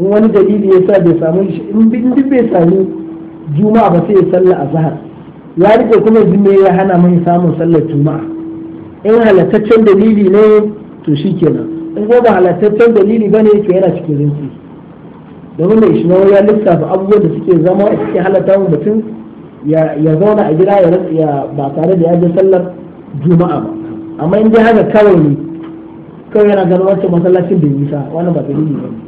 in wani dalili ya sa bai samu shi in bindin bai sami juma'a ba sai ya a zahar ya rike kuma jume ya hana mai samun sallar juma'a in halattaccen dalili ne to shi kenan in ko ba halattaccen dalili ne to yana cikin rinsi domin da ishmael ya lissafa abubuwan da suke zama suke halatta wa mutum ya zauna a gida ya ba tare da ya je sallar juma'a ba amma in dai haka kawai ne kawai yana ganin wancan masallacin da yi nisa wani ba dalili ba ne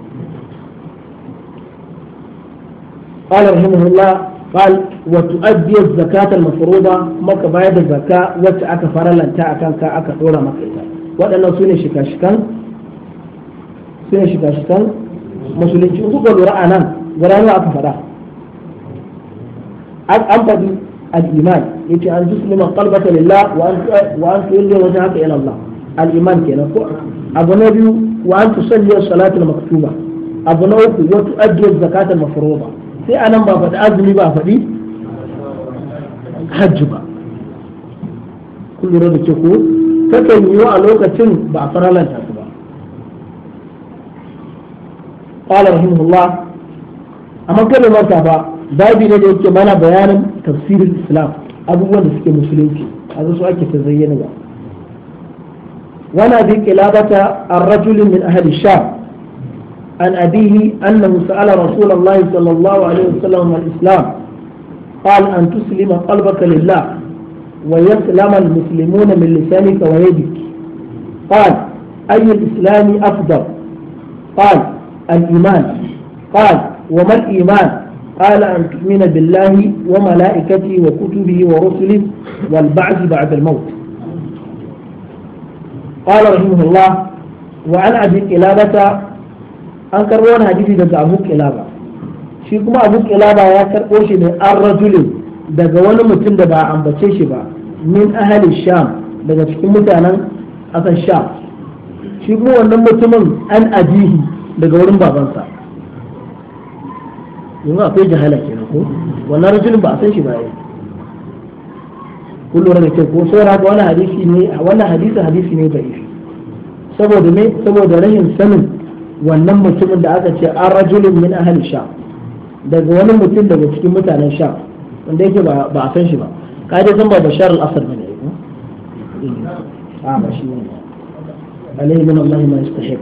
قال رحمه الله قال وتؤدي الزكاة المفروضة مك بعد الزكاة وتأك فرلا تأك كأك دورا مك وأنا سوني شكا شكا سوني شكا شكا مسلمين شو تقول رأنا ورانا أكفرا أم بدي الإيمان يتي أن تسلم قلبك لله وأن وأن تولي وجهك إلى الله الإيمان كنا أبو نبي وأن تصلي الصلاة المكتوبة أبو نبي وتؤدي الزكاة المفروضة sai anan ba faɗi azumi ba faɗi hajji ba kun lura da ke ko takan yi a lokacin ba a faralanta su ba qala rahimahullah amma kada mata ba babi ne da yake mana bayanin tafsirin islam abubuwan da suke musulunci a zasu ake ta zayyana ba wana bi kilabata ar-rajul min ahli sham عن أبيه أنه سأل رسول الله صلى الله عليه وسلم عن الإسلام قال أن تسلم قلبك لله ويسلم المسلمون من لسانك ويدك قال أي الإسلام أفضل قال الإيمان قال وما الإيمان قال أن تؤمن بالله وملائكته وكتبه ورسله والبعث بعد الموت قال رحمه الله وعن أبي قلابة an karɓo wani hadisi daga abu kilaba shi kuma abu kilaba ya karɓo shi ne an rajulin daga wani mutum da ba a ambace shi ba min ahali sham daga cikin mutanen asan sham shi kuma wannan mutumin an ajihi daga wurin babansa yanzu akwai jahala kenan ko wannan rajulin ba a san shi ba ya kun lura da ko saboda ga wani hadisi ne a wannan hadisi hadisi ne da ifi saboda ne saboda rahin sanin wannan mutumin da aka ce an rajulun min ahli sha daga wani mutum daga cikin mutanen sha wanda yake ba a san shi ba kaje zan ba bashar al-asad bane eh? a ah, ba shi ne alayhi min Allah ma yastahiq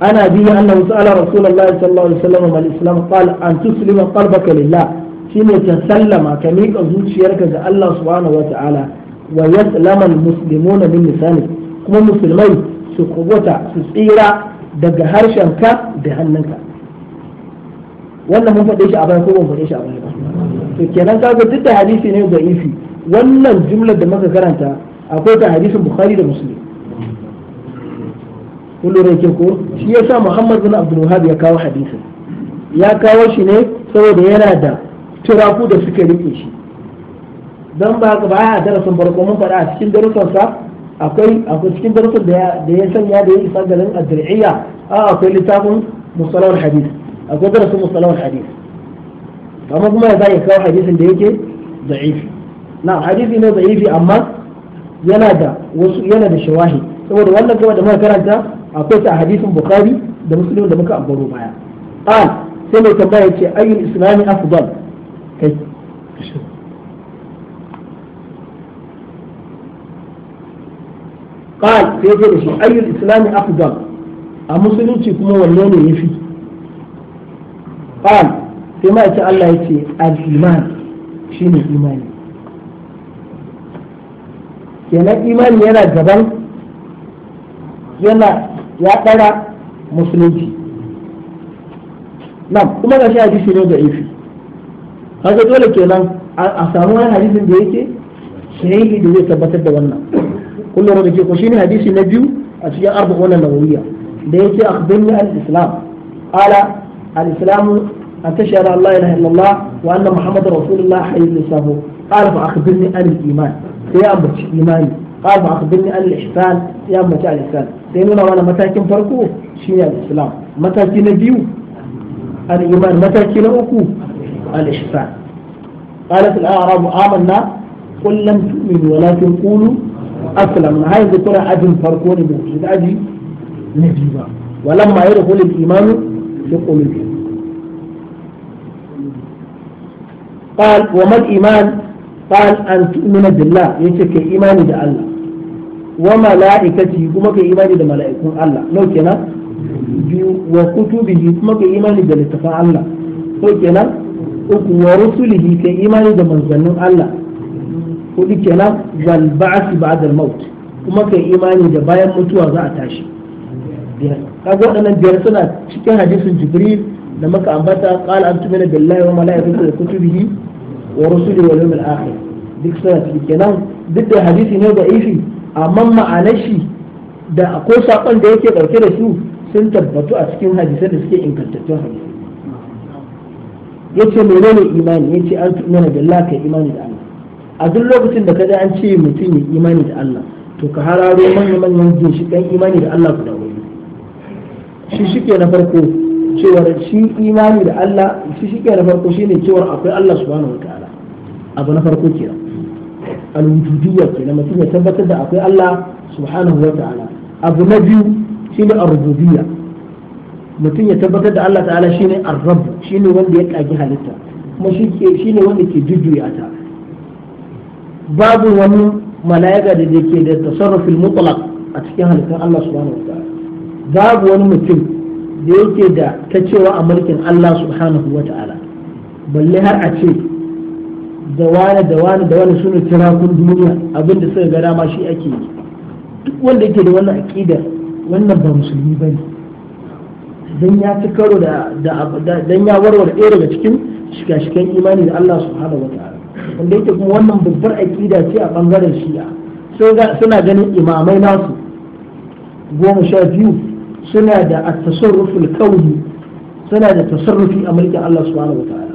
ana bi annahu sa'ala rasulullahi sallallahu alaihi wasallam islam qala an tuslima qalbaka lillah shine ta sallama ka mika zuciyarka ga Allah subhanahu wa ta'ala wa yaslama al-muslimuna min lisani kuma musulmai su kubuta su tsira daga harshen ka da hannunka wannan mun faɗe shi a baya ko ban faɗe shi a baya ba to kenan kaga duk da hadisi ne ga ifi wannan jumlar da muka karanta akwai ta hadisin bukhari da muslim kullu rake ko shi yasa muhammad bin abdul wahab ya kawo hadisin ya kawo shi ne saboda yana da turaku da suka rike shi dan ba ka ba a darasin farko mun faɗa a cikin darussansa akwai akwai cikin darasin da ya sanya da ya isa garin adri'iyya a akwai littafin musalawar hadith akwai darasin musalawar hadith amma kuma ya zai kawo hadisin da yake da'ifi na hadisi ne za'ifi amma yana da wasu yana da shawahi saboda wannan gaba da muka karanta akwai ta hadisin bukhari da muslim da muka ambaro baya qal sai mai tambaya ce ayyul islami afdal kai qal sai ce da shi ayyul islami afdal a musulunci kuma wanne ne yafi qal sai ma Allah yace al-iman shine imani kenan imani yana gaban yana ya dara musulunci nan kuma ga shi hadisi ne da ifi kaga dole kenan a samu wani hadisin da yake sahihi da zai tabbatar da wannan kullum da ke ko shine hadisi na biyu a cikin arba'un nau'iya da yake akhbirni al-islam ala al-islamu an tashhadu an la ilaha illallah wa anna muhammadar rasulullah hayyul sahu qala fa akhbirni an al sai ya ambaci imani qala fa akhbirni an al sai ya ambaci al sai nuna mana matakin farko shine al-islam mataki na biyu mataki na uku al-ihsan قالت الأعراب آمنا قل لم تؤمنوا ولكن قولوا aslam har yanzu kuna ajin farko ne bai shiga aji na biyu ba walamma yadkhulu al-imanu fi qulubi قال وما الإيمان قال أن تؤمن بالله يشك إيماني دا الله وملائكته كما كإيماني دا ملائكون الله لو كنا وكتبه كما كإيماني دا لتفاع الله لو كنا ورسله كإيماني دا منزلون الله Kuɗi kenan wal ba'ath ba'da al-maut kuma kai imani da bayan mutuwa za a tashi biyar kaga waɗannan biyar suna cikin hadisin jibril da muka ambata qala antumina billahi wa malaikatihi wa kutubihi wa rusulihi wa yawmil akhir duk suna cikin kenan duk da hadisi ne da ifi amma ma'anar shi da akwai sakon da yake dauke da su sun tabbatu a cikin hadisai da suke ingantattun hadisai yace menene imani yace an tumina billahi kai imani da Allah a duk lokacin da kaji an ce mutum ya imani da Allah to ka hararo manyan manyan ginshiƙan imani da Allah guda wuri, shi shi ke na farko cewar shi imani da Allah shi shi ke na farko shi ne cewar akwai Allah subhanahu wataala abu na farko kenan al-wujudiyya kenan mutum ya tabbatar da akwai Allah subhanahu ta'ala abu na biyu shi shine ar-rububiyya mutum ya tabbatar da Allah ta'ala shi shine ar-rabb ne wanda ya kage halitta kuma shi ne wanda ke jujjuya ta babu wani mala'ika da ke da tasarrufin mutlaq a cikin halittun Allah subhanahu wa ta'ala babu wani mutum da yake da ta cewa a mulkin Allah subhanahu wa ta'ala balle har a ce da wani da wani da wani suna kun duniya abinda suka ga dama shi ake yi duk wanda yake da wannan aqidar wannan ba musulmi bane dan ya ci karo da dan ya warware ɗaya daga cikin shika-shikan imani da Allah subhanahu wa ta'ala wanda yake kuma wannan babbar aƙida ce a ɓangaren shi'a suna ganin imamai nasu goma sha biyu suna da a tasarrufin kauni suna da tasarrufi a mulkin Allah su subhanahu wataala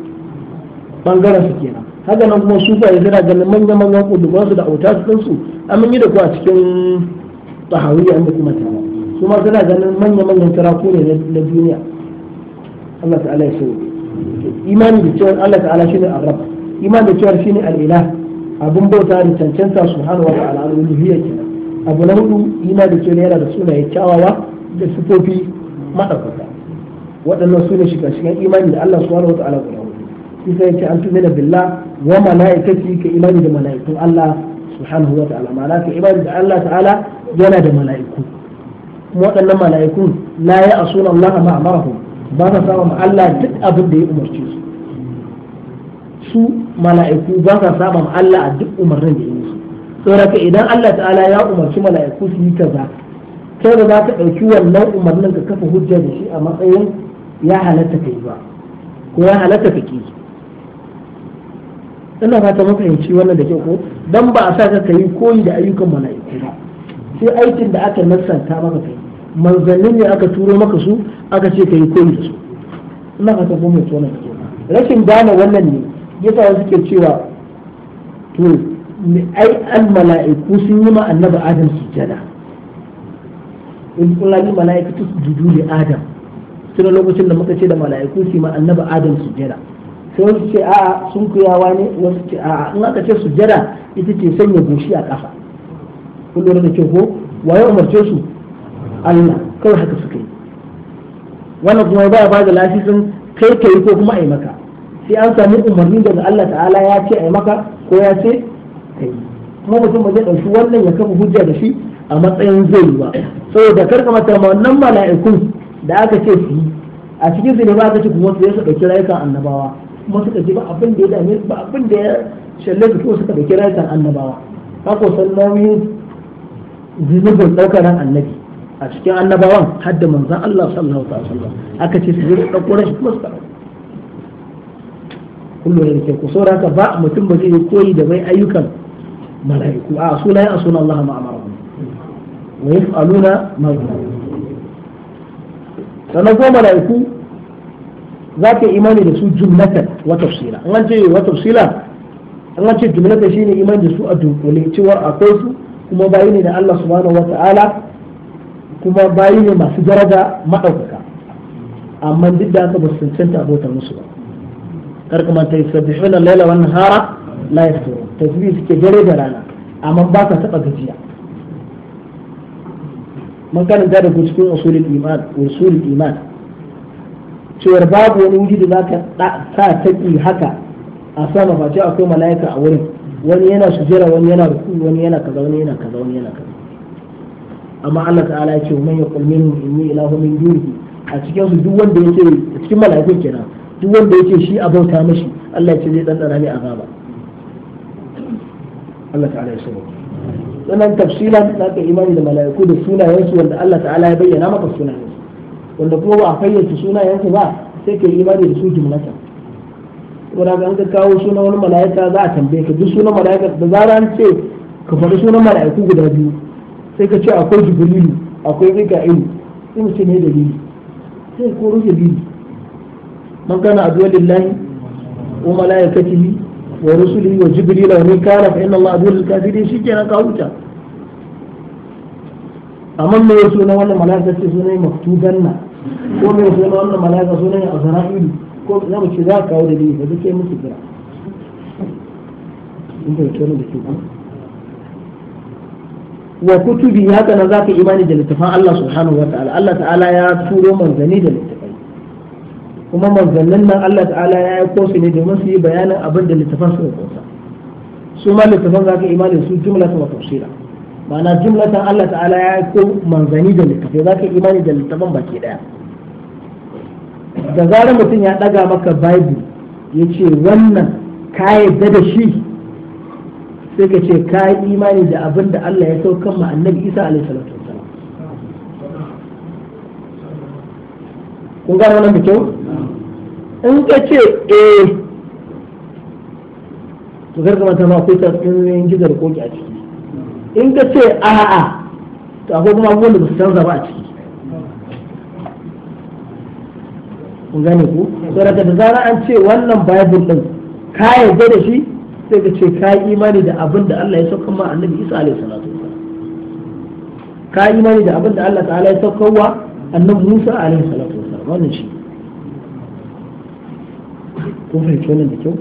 ɓangaren su kenan haka nan kuma su faye suna ganin manyan manyan kudubansu da auta su an yi da ku a cikin tahawiyya inda kuma tawa su ma suna ganin manyan manyan taraku ne na duniya Allah ta'ala ya so imani da cewa Allah ta'ala shi ne shine rabu. iman da cewar shine al'ilah abun bauta da cancanta subhanahu wa ta'ala al-uluhiyya kenan abu na hudu iman da cewar yana da sunaye kyawawa da sifofi madaukaka waɗannan sune shiga-shigan imani da Allah subhanahu wa ta'ala guda hudu shi sai yace an tumina billah wa malaikati ka imani da malaikun Allah subhanahu wa ta'ala ma'ana ka imani da Allah ta'ala yana da malaiku kuma waɗannan malaikun la ya asuna Allah ma amarahum ba sa samu Allah duk abin da ya umarce su mala'iku ba sa ma Allah a duk umarnin da ya musu raka idan Allah ta'ala ya umarci mala'iku su yi kaza kai da za ka ɗauki wannan umarnin ka kafa hujja da shi a matsayin ya halatta ka yi ba ko ya halatta ka ki ina fata maka yanci wannan da ke ko dan ba a sa ka yi koyi da ayyukan mala'iku ba sai aikin da aka nassanta maka kai manzannin ne aka turo maka su aka ce ka yi koyi da su ina fata mun fahimci wannan da rashin gane wannan ne yasa wasu ke cewa to ai al mala'iku sun yi ma annabi adam sujjada in kun mala'iku mala'ikatu sujudu li adam tun lokacin da muka ce da mala'iku su ma annabi adam sujjada sai wasu ce a'a sun kuyawa ne wasu ce a'a in aka ce sujjada ita ce sanya goshi a kafa kun lura da ke ko waye umarce su Allah kawai haka suka yi wannan kuma ba ba da sun kai kai ko kuma ai maka sai an sami umarni daga Allah ta'ala ya ce a maka ko ya ce kai kuma mutum bai zai ɗauki wannan ya kafa hujja da shi a matsayin zai yi ba saboda kar ka mata wannan mala'ikun da aka ce su yi a cikin su ne ba aka ce kuma su su ɗauki rayukan annabawa kuma suka ji ba abin da ya dame ba abin da ya shalle su kuma suka ɗauki rayukan annabawa ko san nauyin zunubin ɗaukar annabi a cikin annabawan hadda manzan Allah sallallahu alaihi wasallam aka ce su yi su ɗauko rashin kuma su ɗauko kullum da ke kusur haka ba mutum ba zai koyi da bai ayyukan mala'iku a suna a suna Allah ma amara wa yaf'aluna ma yu'marun sannan ko mala'iku za ka imani da su jumlatan wa tafsila an an ce wa tafsila an an ce jumlatan shine imani da su a dunkule cewa akwai su kuma bayi ne da Allah subhanahu wa ta'ala kuma bayi ne masu daraja madaukaka amma duk da haka ba su cancanta abotar musu ba karkaman ta yusabbihuna laila wan nahara la ta tasbih suke dare da rana amma ba ka taba gajiya mun karanta da ku cikin usulul iman cewar babu wani wuri da ka sa taƙi haka a sama face akwai mala'ika a wurin wani yana sujera wani yana ruku wani yana kaza wani yana kaza wani yana kaza amma Allah ta'ala ya ce man yaqul minhum inni ilahu min dunihi a cikin su duk wanda yake a cikin mala'ikun kenan duk wanda yake shi a bauta mashi Allah ce zai dandana ne a gaba Allah ta'ala ya sabo sannan tafsilan za ka imani da mala'iku da sunayensu wanda Allah ta'ala ya bayyana maka sunayensu wanda kuma ba a fayyace sunayensu ba sai ka yi imani da su jimlatan saboda ka an ka kawo sunan wani mala'ika za a tambaye ka duk sunan mala'ika da zara an ce ka faɗi sunan mala'iku guda biyu sai ka ce akwai jibrilu akwai mika'ilu sai mu ce ne dalili sai ko rufe dalili man kana aduwa lillahi wa malaikatihi wa rusulihi wa jibril wa mikaela fa inna allaha aduwwul kafirin ka huta amma me ya suna wannan malaika ce sunan maktubanna ko me ya suna wannan malaika sunan azra'ilu ko za mu ce za ka kawo da ni ba zai kai musu da ke ba wa kutubi haka nan zaka imani da littafan Allah subhanahu wa ta'ala Allah ta'ala ya turo manzanni da kuma manzannin nan Allah ta'ala ya yi kosu ne domin su yi bayanin abin da littafan suka kosa su ma littafan za ka imani su jimla ta tafsira ma'ana jumlatan Allah ta'ala ya yi ko manzanni da littafi za ka imani da littafan baki daya da zarar mutum ya daga maka bible ya ce wannan ka yadda da shi sai ka ce ka yi imani da abin da Allah ya saukan ma annabi Isa alaihi salatu kun gano nan da kyau in ka ce eh to kar ka ma akwai tasirin gizo gidar koki a ciki in ka ce a'a to akwai kuma abubuwan da ba su canza ba a ciki kun gane ku daga da zara an ce wannan bible din ka yarda da shi sai ka ce ka yi imani da abin da Allah ya sauka ma annabi Isa alaihi salatu ka yi imani da abin da Allah ta'ala ya sauka wa annabi Musa alaihi salatu wannan shi ko fahimci wannan da kyau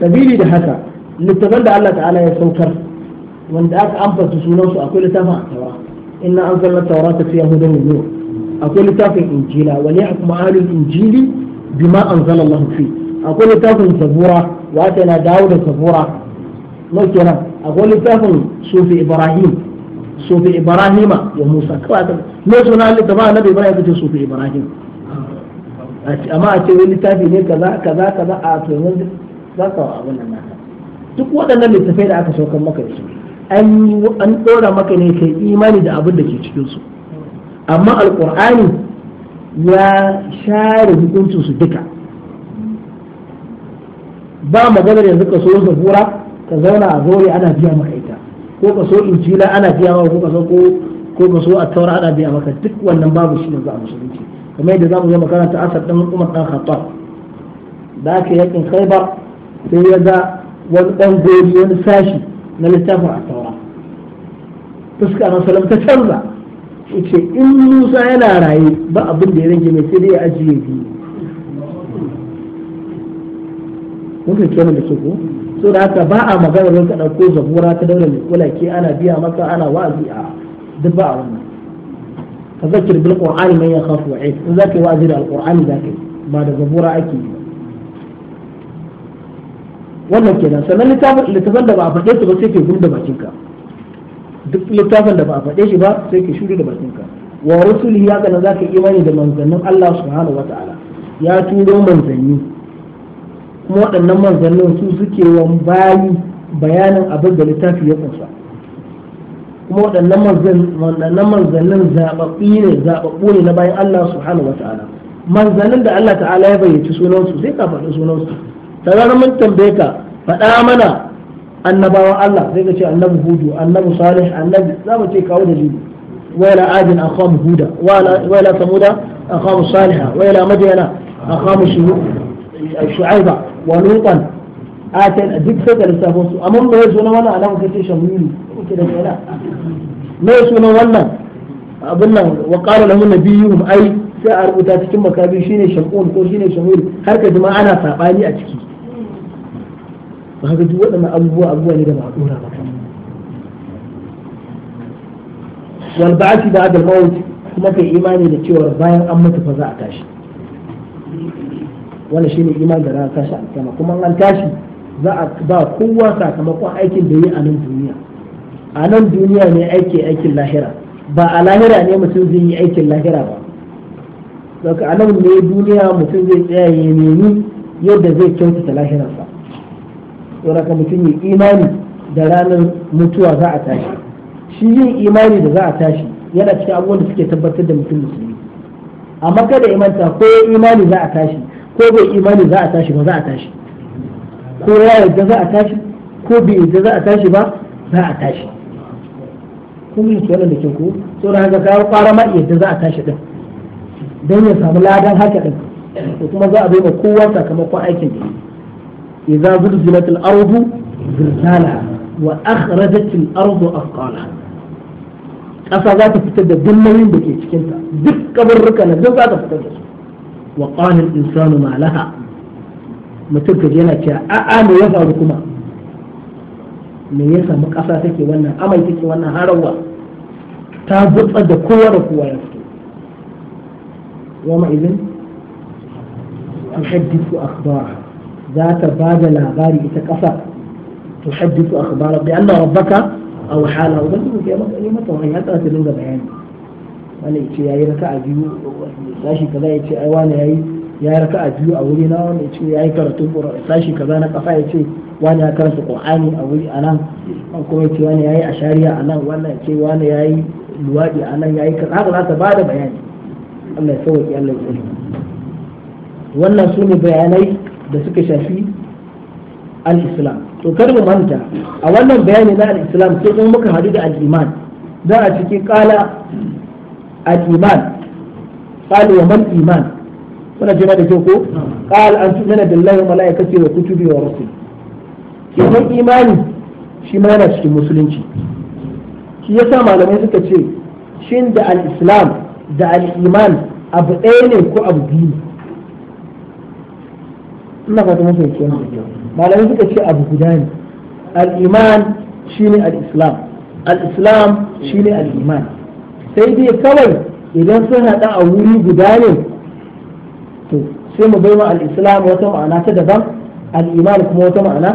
sabili da haka littafan da Allah ta'ala ya saukar wanda aka ambata su akwai littafin a taura inna an zalla taura ta fiya hudan nur akwai littafin injila wani ya kuma ahlul injili bima anzala Allah fi akwai littafin zabura wa atana dawo da zabura no kenan akwai littafin sufi ibrahim sufi ibrahima wa musa kawai ne sunan littafin annabi ibrahim kace sufi ibrahim amma a ce wani littafi ne kaza kaza kaza a to yanzu za ka wa abin nan naka duk waɗannan littafai da aka saukar maka da su an ɗora maka ne kai imani da abin da ke cikin su amma alƙur'ani ya share hukuncin su duka ba maganar yanzu ka so zabura ka zauna a zaure ana biya maka ita ko ka so injila ana biya maka ko ka so ko ka so a taura ana biya maka duk wannan babu shi yanzu a musulunci kamar yadda zamu zo makaranta asar dan Umar dan Khattab da aka yakin Khaibar sai ya ga wani ɗan gori wani sashi na littafin a taura fuska na salam ta canza ce in Musa yana raye ba abin da ya rage mai sai dai ya ajiye biyu mun fi kenan da ko so da haka ba a maganar ka dauko zabura ta daura mai kula ke ana biya maka ana wa'azi a duk ba a wannan فذكر بالقرآن من يخاف وعيد ذاك وازر القرآن ذاك بعد زبورة أكيد wannan kenan sannan littafin littafin da ba a faɗe shi ba sai ke gudu da bakinka duk littafin da ba a faɗe shi ba sai ke shuru da bakinka wa rusulihi ya nan zaka imani da manzannin Allah subhanahu wataala ya turo manzanni kuma waɗannan manzannin su suke wa bayanin abin da littafi ya kunsa kuma waɗannan manzannin zaɓaɓɓi ne zaɓaɓɓu ne na bayan Allah subhanahu wa ta'ala manzannin da Allah ta'ala ya bayyaci sunansu sai ka faɗi sunansu ta zarar mun tambaye ka faɗa mana annabawan Allah zai ka ce annabi hudu annabi salih annabi za mu ce kawo da jibi وإلى عاد أخام هودا وإلى ثمود أخام صالحا وإلى مدينة أخام wa ولوطا a a duk sai da lissafin su amma me sunan wannan alama kace shamuli kuke da kaina me sunan wannan abin nan wa qala lahu nabiyuhum ai sai a rubuta cikin makabi shine shamun ko shine shamuli har ka ji ma ana sabani a ciki ba haka duk waɗannan abubuwa abubuwa ne da ba a dora maka wal ba'ati ba'da al-maut kuma kai imani da cewa bayan an mutu fa za a tashi wannan shine imani da ranar tashi alkama kuma an tashi za a ba kowa sakamakon aikin da yi a nan duniya a nan duniya ne aiki aikin lahira ba a lahira ne mutum zai yi aikin lahira ba daga a nan ne duniya mutum zai tsaya ya nemi yadda zai kyautata lahirarsa ka mutum yi imani da ranar mutuwa za a tashi shi yin imani da za a tashi yana cikin abubuwan da suke tabbatar da mutum musulmi amma kada imanta ko imani za a tashi ko bai imani za a tashi ba za a tashi ko ya yadda za a tashi ko bai yadda za a tashi ba za a tashi kun yi wannan da ke ko so da haka kawo fara ma yadda za a tashi din dan ya samu ladan haka din ko kuma za a bai ma kowa sakamakon aikin da idza zulzilat al-ardu zilzalaha wa akhrajat al-ardu athqalaha ƙasa za ta fitar da duk nauyin da ke cikinta duk kabarruka na duk za ta fitar da su wa qala al-insanu ma laha mutum ka yana cewa a'a me ya faru kuma me ya samu ƙasa take wannan amai take wannan harawa ta butsar da kowa da kowa ya fito idan izin tuhaddisu akhbara za ta ba da labari ita ƙasa tuhaddisu akhbara bi anna rabbaka aw hala ubangiji ke maka ne mata wani ya tsara ta dinga bayani wani ya ce yayi raka'a biyu sashi kaza ya ce ai wani yayi ya raka a biyu a wuri na wani ya ce ya yi karatun sashi kaza na kafa ya ce wani ya karanta ƙwa'ani a wuri anan an kuma ya ce wani ya yi a shari'a anan wannan ya ce wani ya yi luwaɗi anan ya yi haka za ta ba da bayani Allah ya sauwaƙi Allah ya tsare wannan su ne bayanai da suka shafi al-islam to kar mu manta a wannan bayani na al-islam sai kuma muka hadu da al-iman za a cikin kala al-iman qala wa man iman kuna jira da kyau ko qal an tumina billahi wa malaikati wa kutubi wa rusuli kenan imani shi ma yana cikin musulunci shi yasa malamai suka ce shin da al-islam da al-iman abu ɗaya ne ko abu biyu ina fata mun fahimci wannan malamai suka ce abu guda ne al-iman shine al-islam al-islam shine al-iman sai dai kawai idan sun haɗa a wuri guda ne sai mu baiwa al-islam wata ma'ana ta daban al-iman kuma wata ma'ana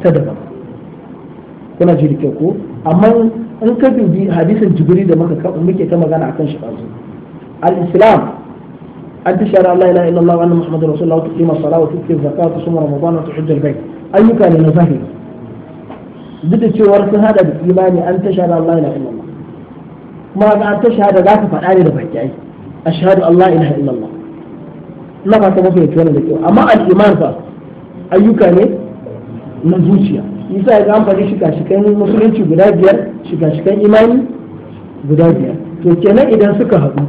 ta daban kuna ji da ko amma in ka dubi hadisin jibril da muka muke ta magana akan shi ɗazu al-islam an ta shara Allah ilaha illallah wa anna muhammadar rasulullah wa tuqima salat wa tuqima zakat wa sum ramadan wa tuhajj al-bayt ayyuka ne na zahiri duk da cewar sun hada da imani an ta shara Allah ilaha illallah kuma ga an ta shahada za ka faɗa ne da baki ai ashhadu Allah ilaha illallah na fata mafi yake wannan da kyau amma al'iman fa ayyuka ne na zuciya isa ya ga an faɗi shika-shikan musulunci guda biyar shika-shikan imani guda biyar to kenan idan suka haɗu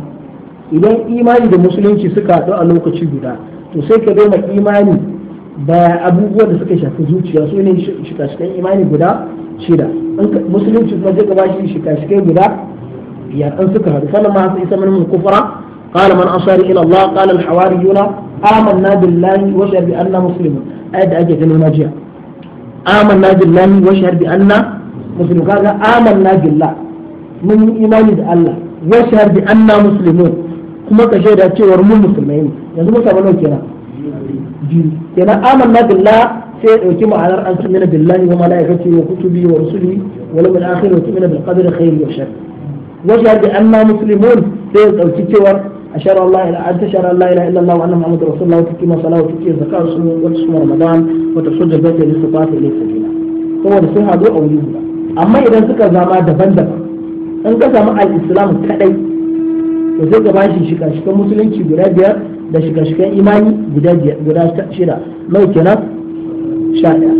idan imani da musulunci suka haɗu a lokaci guda to sai ka bai ma imani ba abubuwan da suka shafi zuciya su ne shika-shikan imani guda shida musulunci kuma zai gaba shi shika-shikai guda biyar an suka haɗu sannan ma su isa mana kufra قال من أنصاري إلى الله قال الحواريون آمنا بالله واشهد بأننا مسلمون آية أجت المناجية آمنا بالله واشهد بأننا مسلمون قال آمنا بالله من إيمان الله واشهد بأننا مسلمون kuma ka shaida cewar mun musulmai yanzu mun samu nauke na kenan amanna billah sai ya dauki ma'anar an tumina billahi wa malaikati wa kutubi wa rusuli wa wa anna sai dauki cewar أشهد أن لا إله أنت أشهد أن لا إله إلا الله وأن محمد رسول الله وتقيم الصلاة وتؤتي الزكاة وتصوم رمضان وتحج البيت إذا استطعت إليه سبيلا sun haɗu a wuri guda amma idan suka zama daban-daban in ka samu al-islam kadai to sai ka bashi shika-shikan musulunci guda biyar da shika-shikan imani guda shida nau kenan sha ɗaya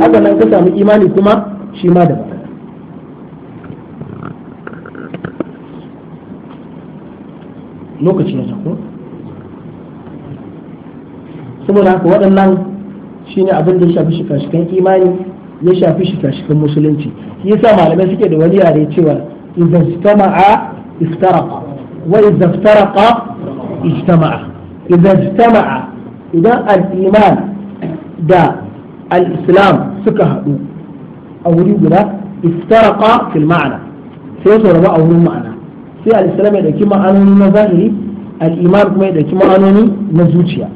haka nan ka samu imani kuma shi daban lokacin ya sako saboda haka waɗannan shine abin da ya shafi shika-shikan imani ya shafi shika-shikan musulunci shi yasa malamai suke da wani yare cewa idan istama'a iftaraqa wa idan iftaraqa idan ijtama'a idan al-iman da al-islam suka haɗu a wuri guda iftaraqa fil ma'ana sai su rabu a wurin ma'ana sai al-islam ya ɗauki ma'anoni na zahiri al-iman kuma ya ma'anoni na zuciya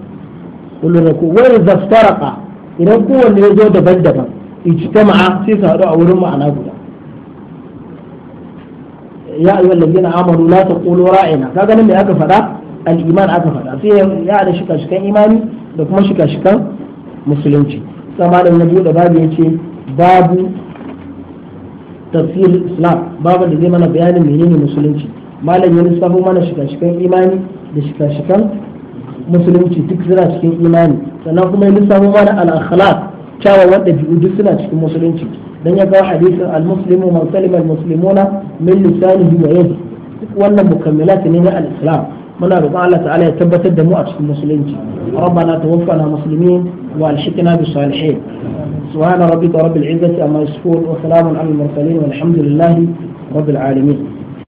kullun da ku wani zaftaraka idan kowanne ya zo daban-daban ijtama'a sai su haɗu a wurin ma'ana guda ya ayyuha Amadu amanu la taqulu ra'ina kaga nan me aka faɗa al aka faɗa sai ya da shika-shikan imani da kuma shika-shikan musulunci sama da na buɗe babu ya ce babu tafsir islam babu da zai mana bayanin menene musulunci malam ya lissafo mana shika-shikan imani da shika-shikan musulunci duk suna cikin imani sannan kuma ya lissafo mana al-akhlaq kyawawan ɗabi'u duk suna cikin musulunci don ya kawo hadisin al-muslimu man muslimuna min lisanihi wa yadihi duk wannan mukammilat ne na al-islam muna roƙon Allah ta'ala ya tabbatar da mu a cikin musulunci rabbana tawaffana muslimin wa alhiqna bis salihin subhana rabbika rabbil izzati amma yasifun wa salamun alal mursalin walhamdulillahi rabbil alamin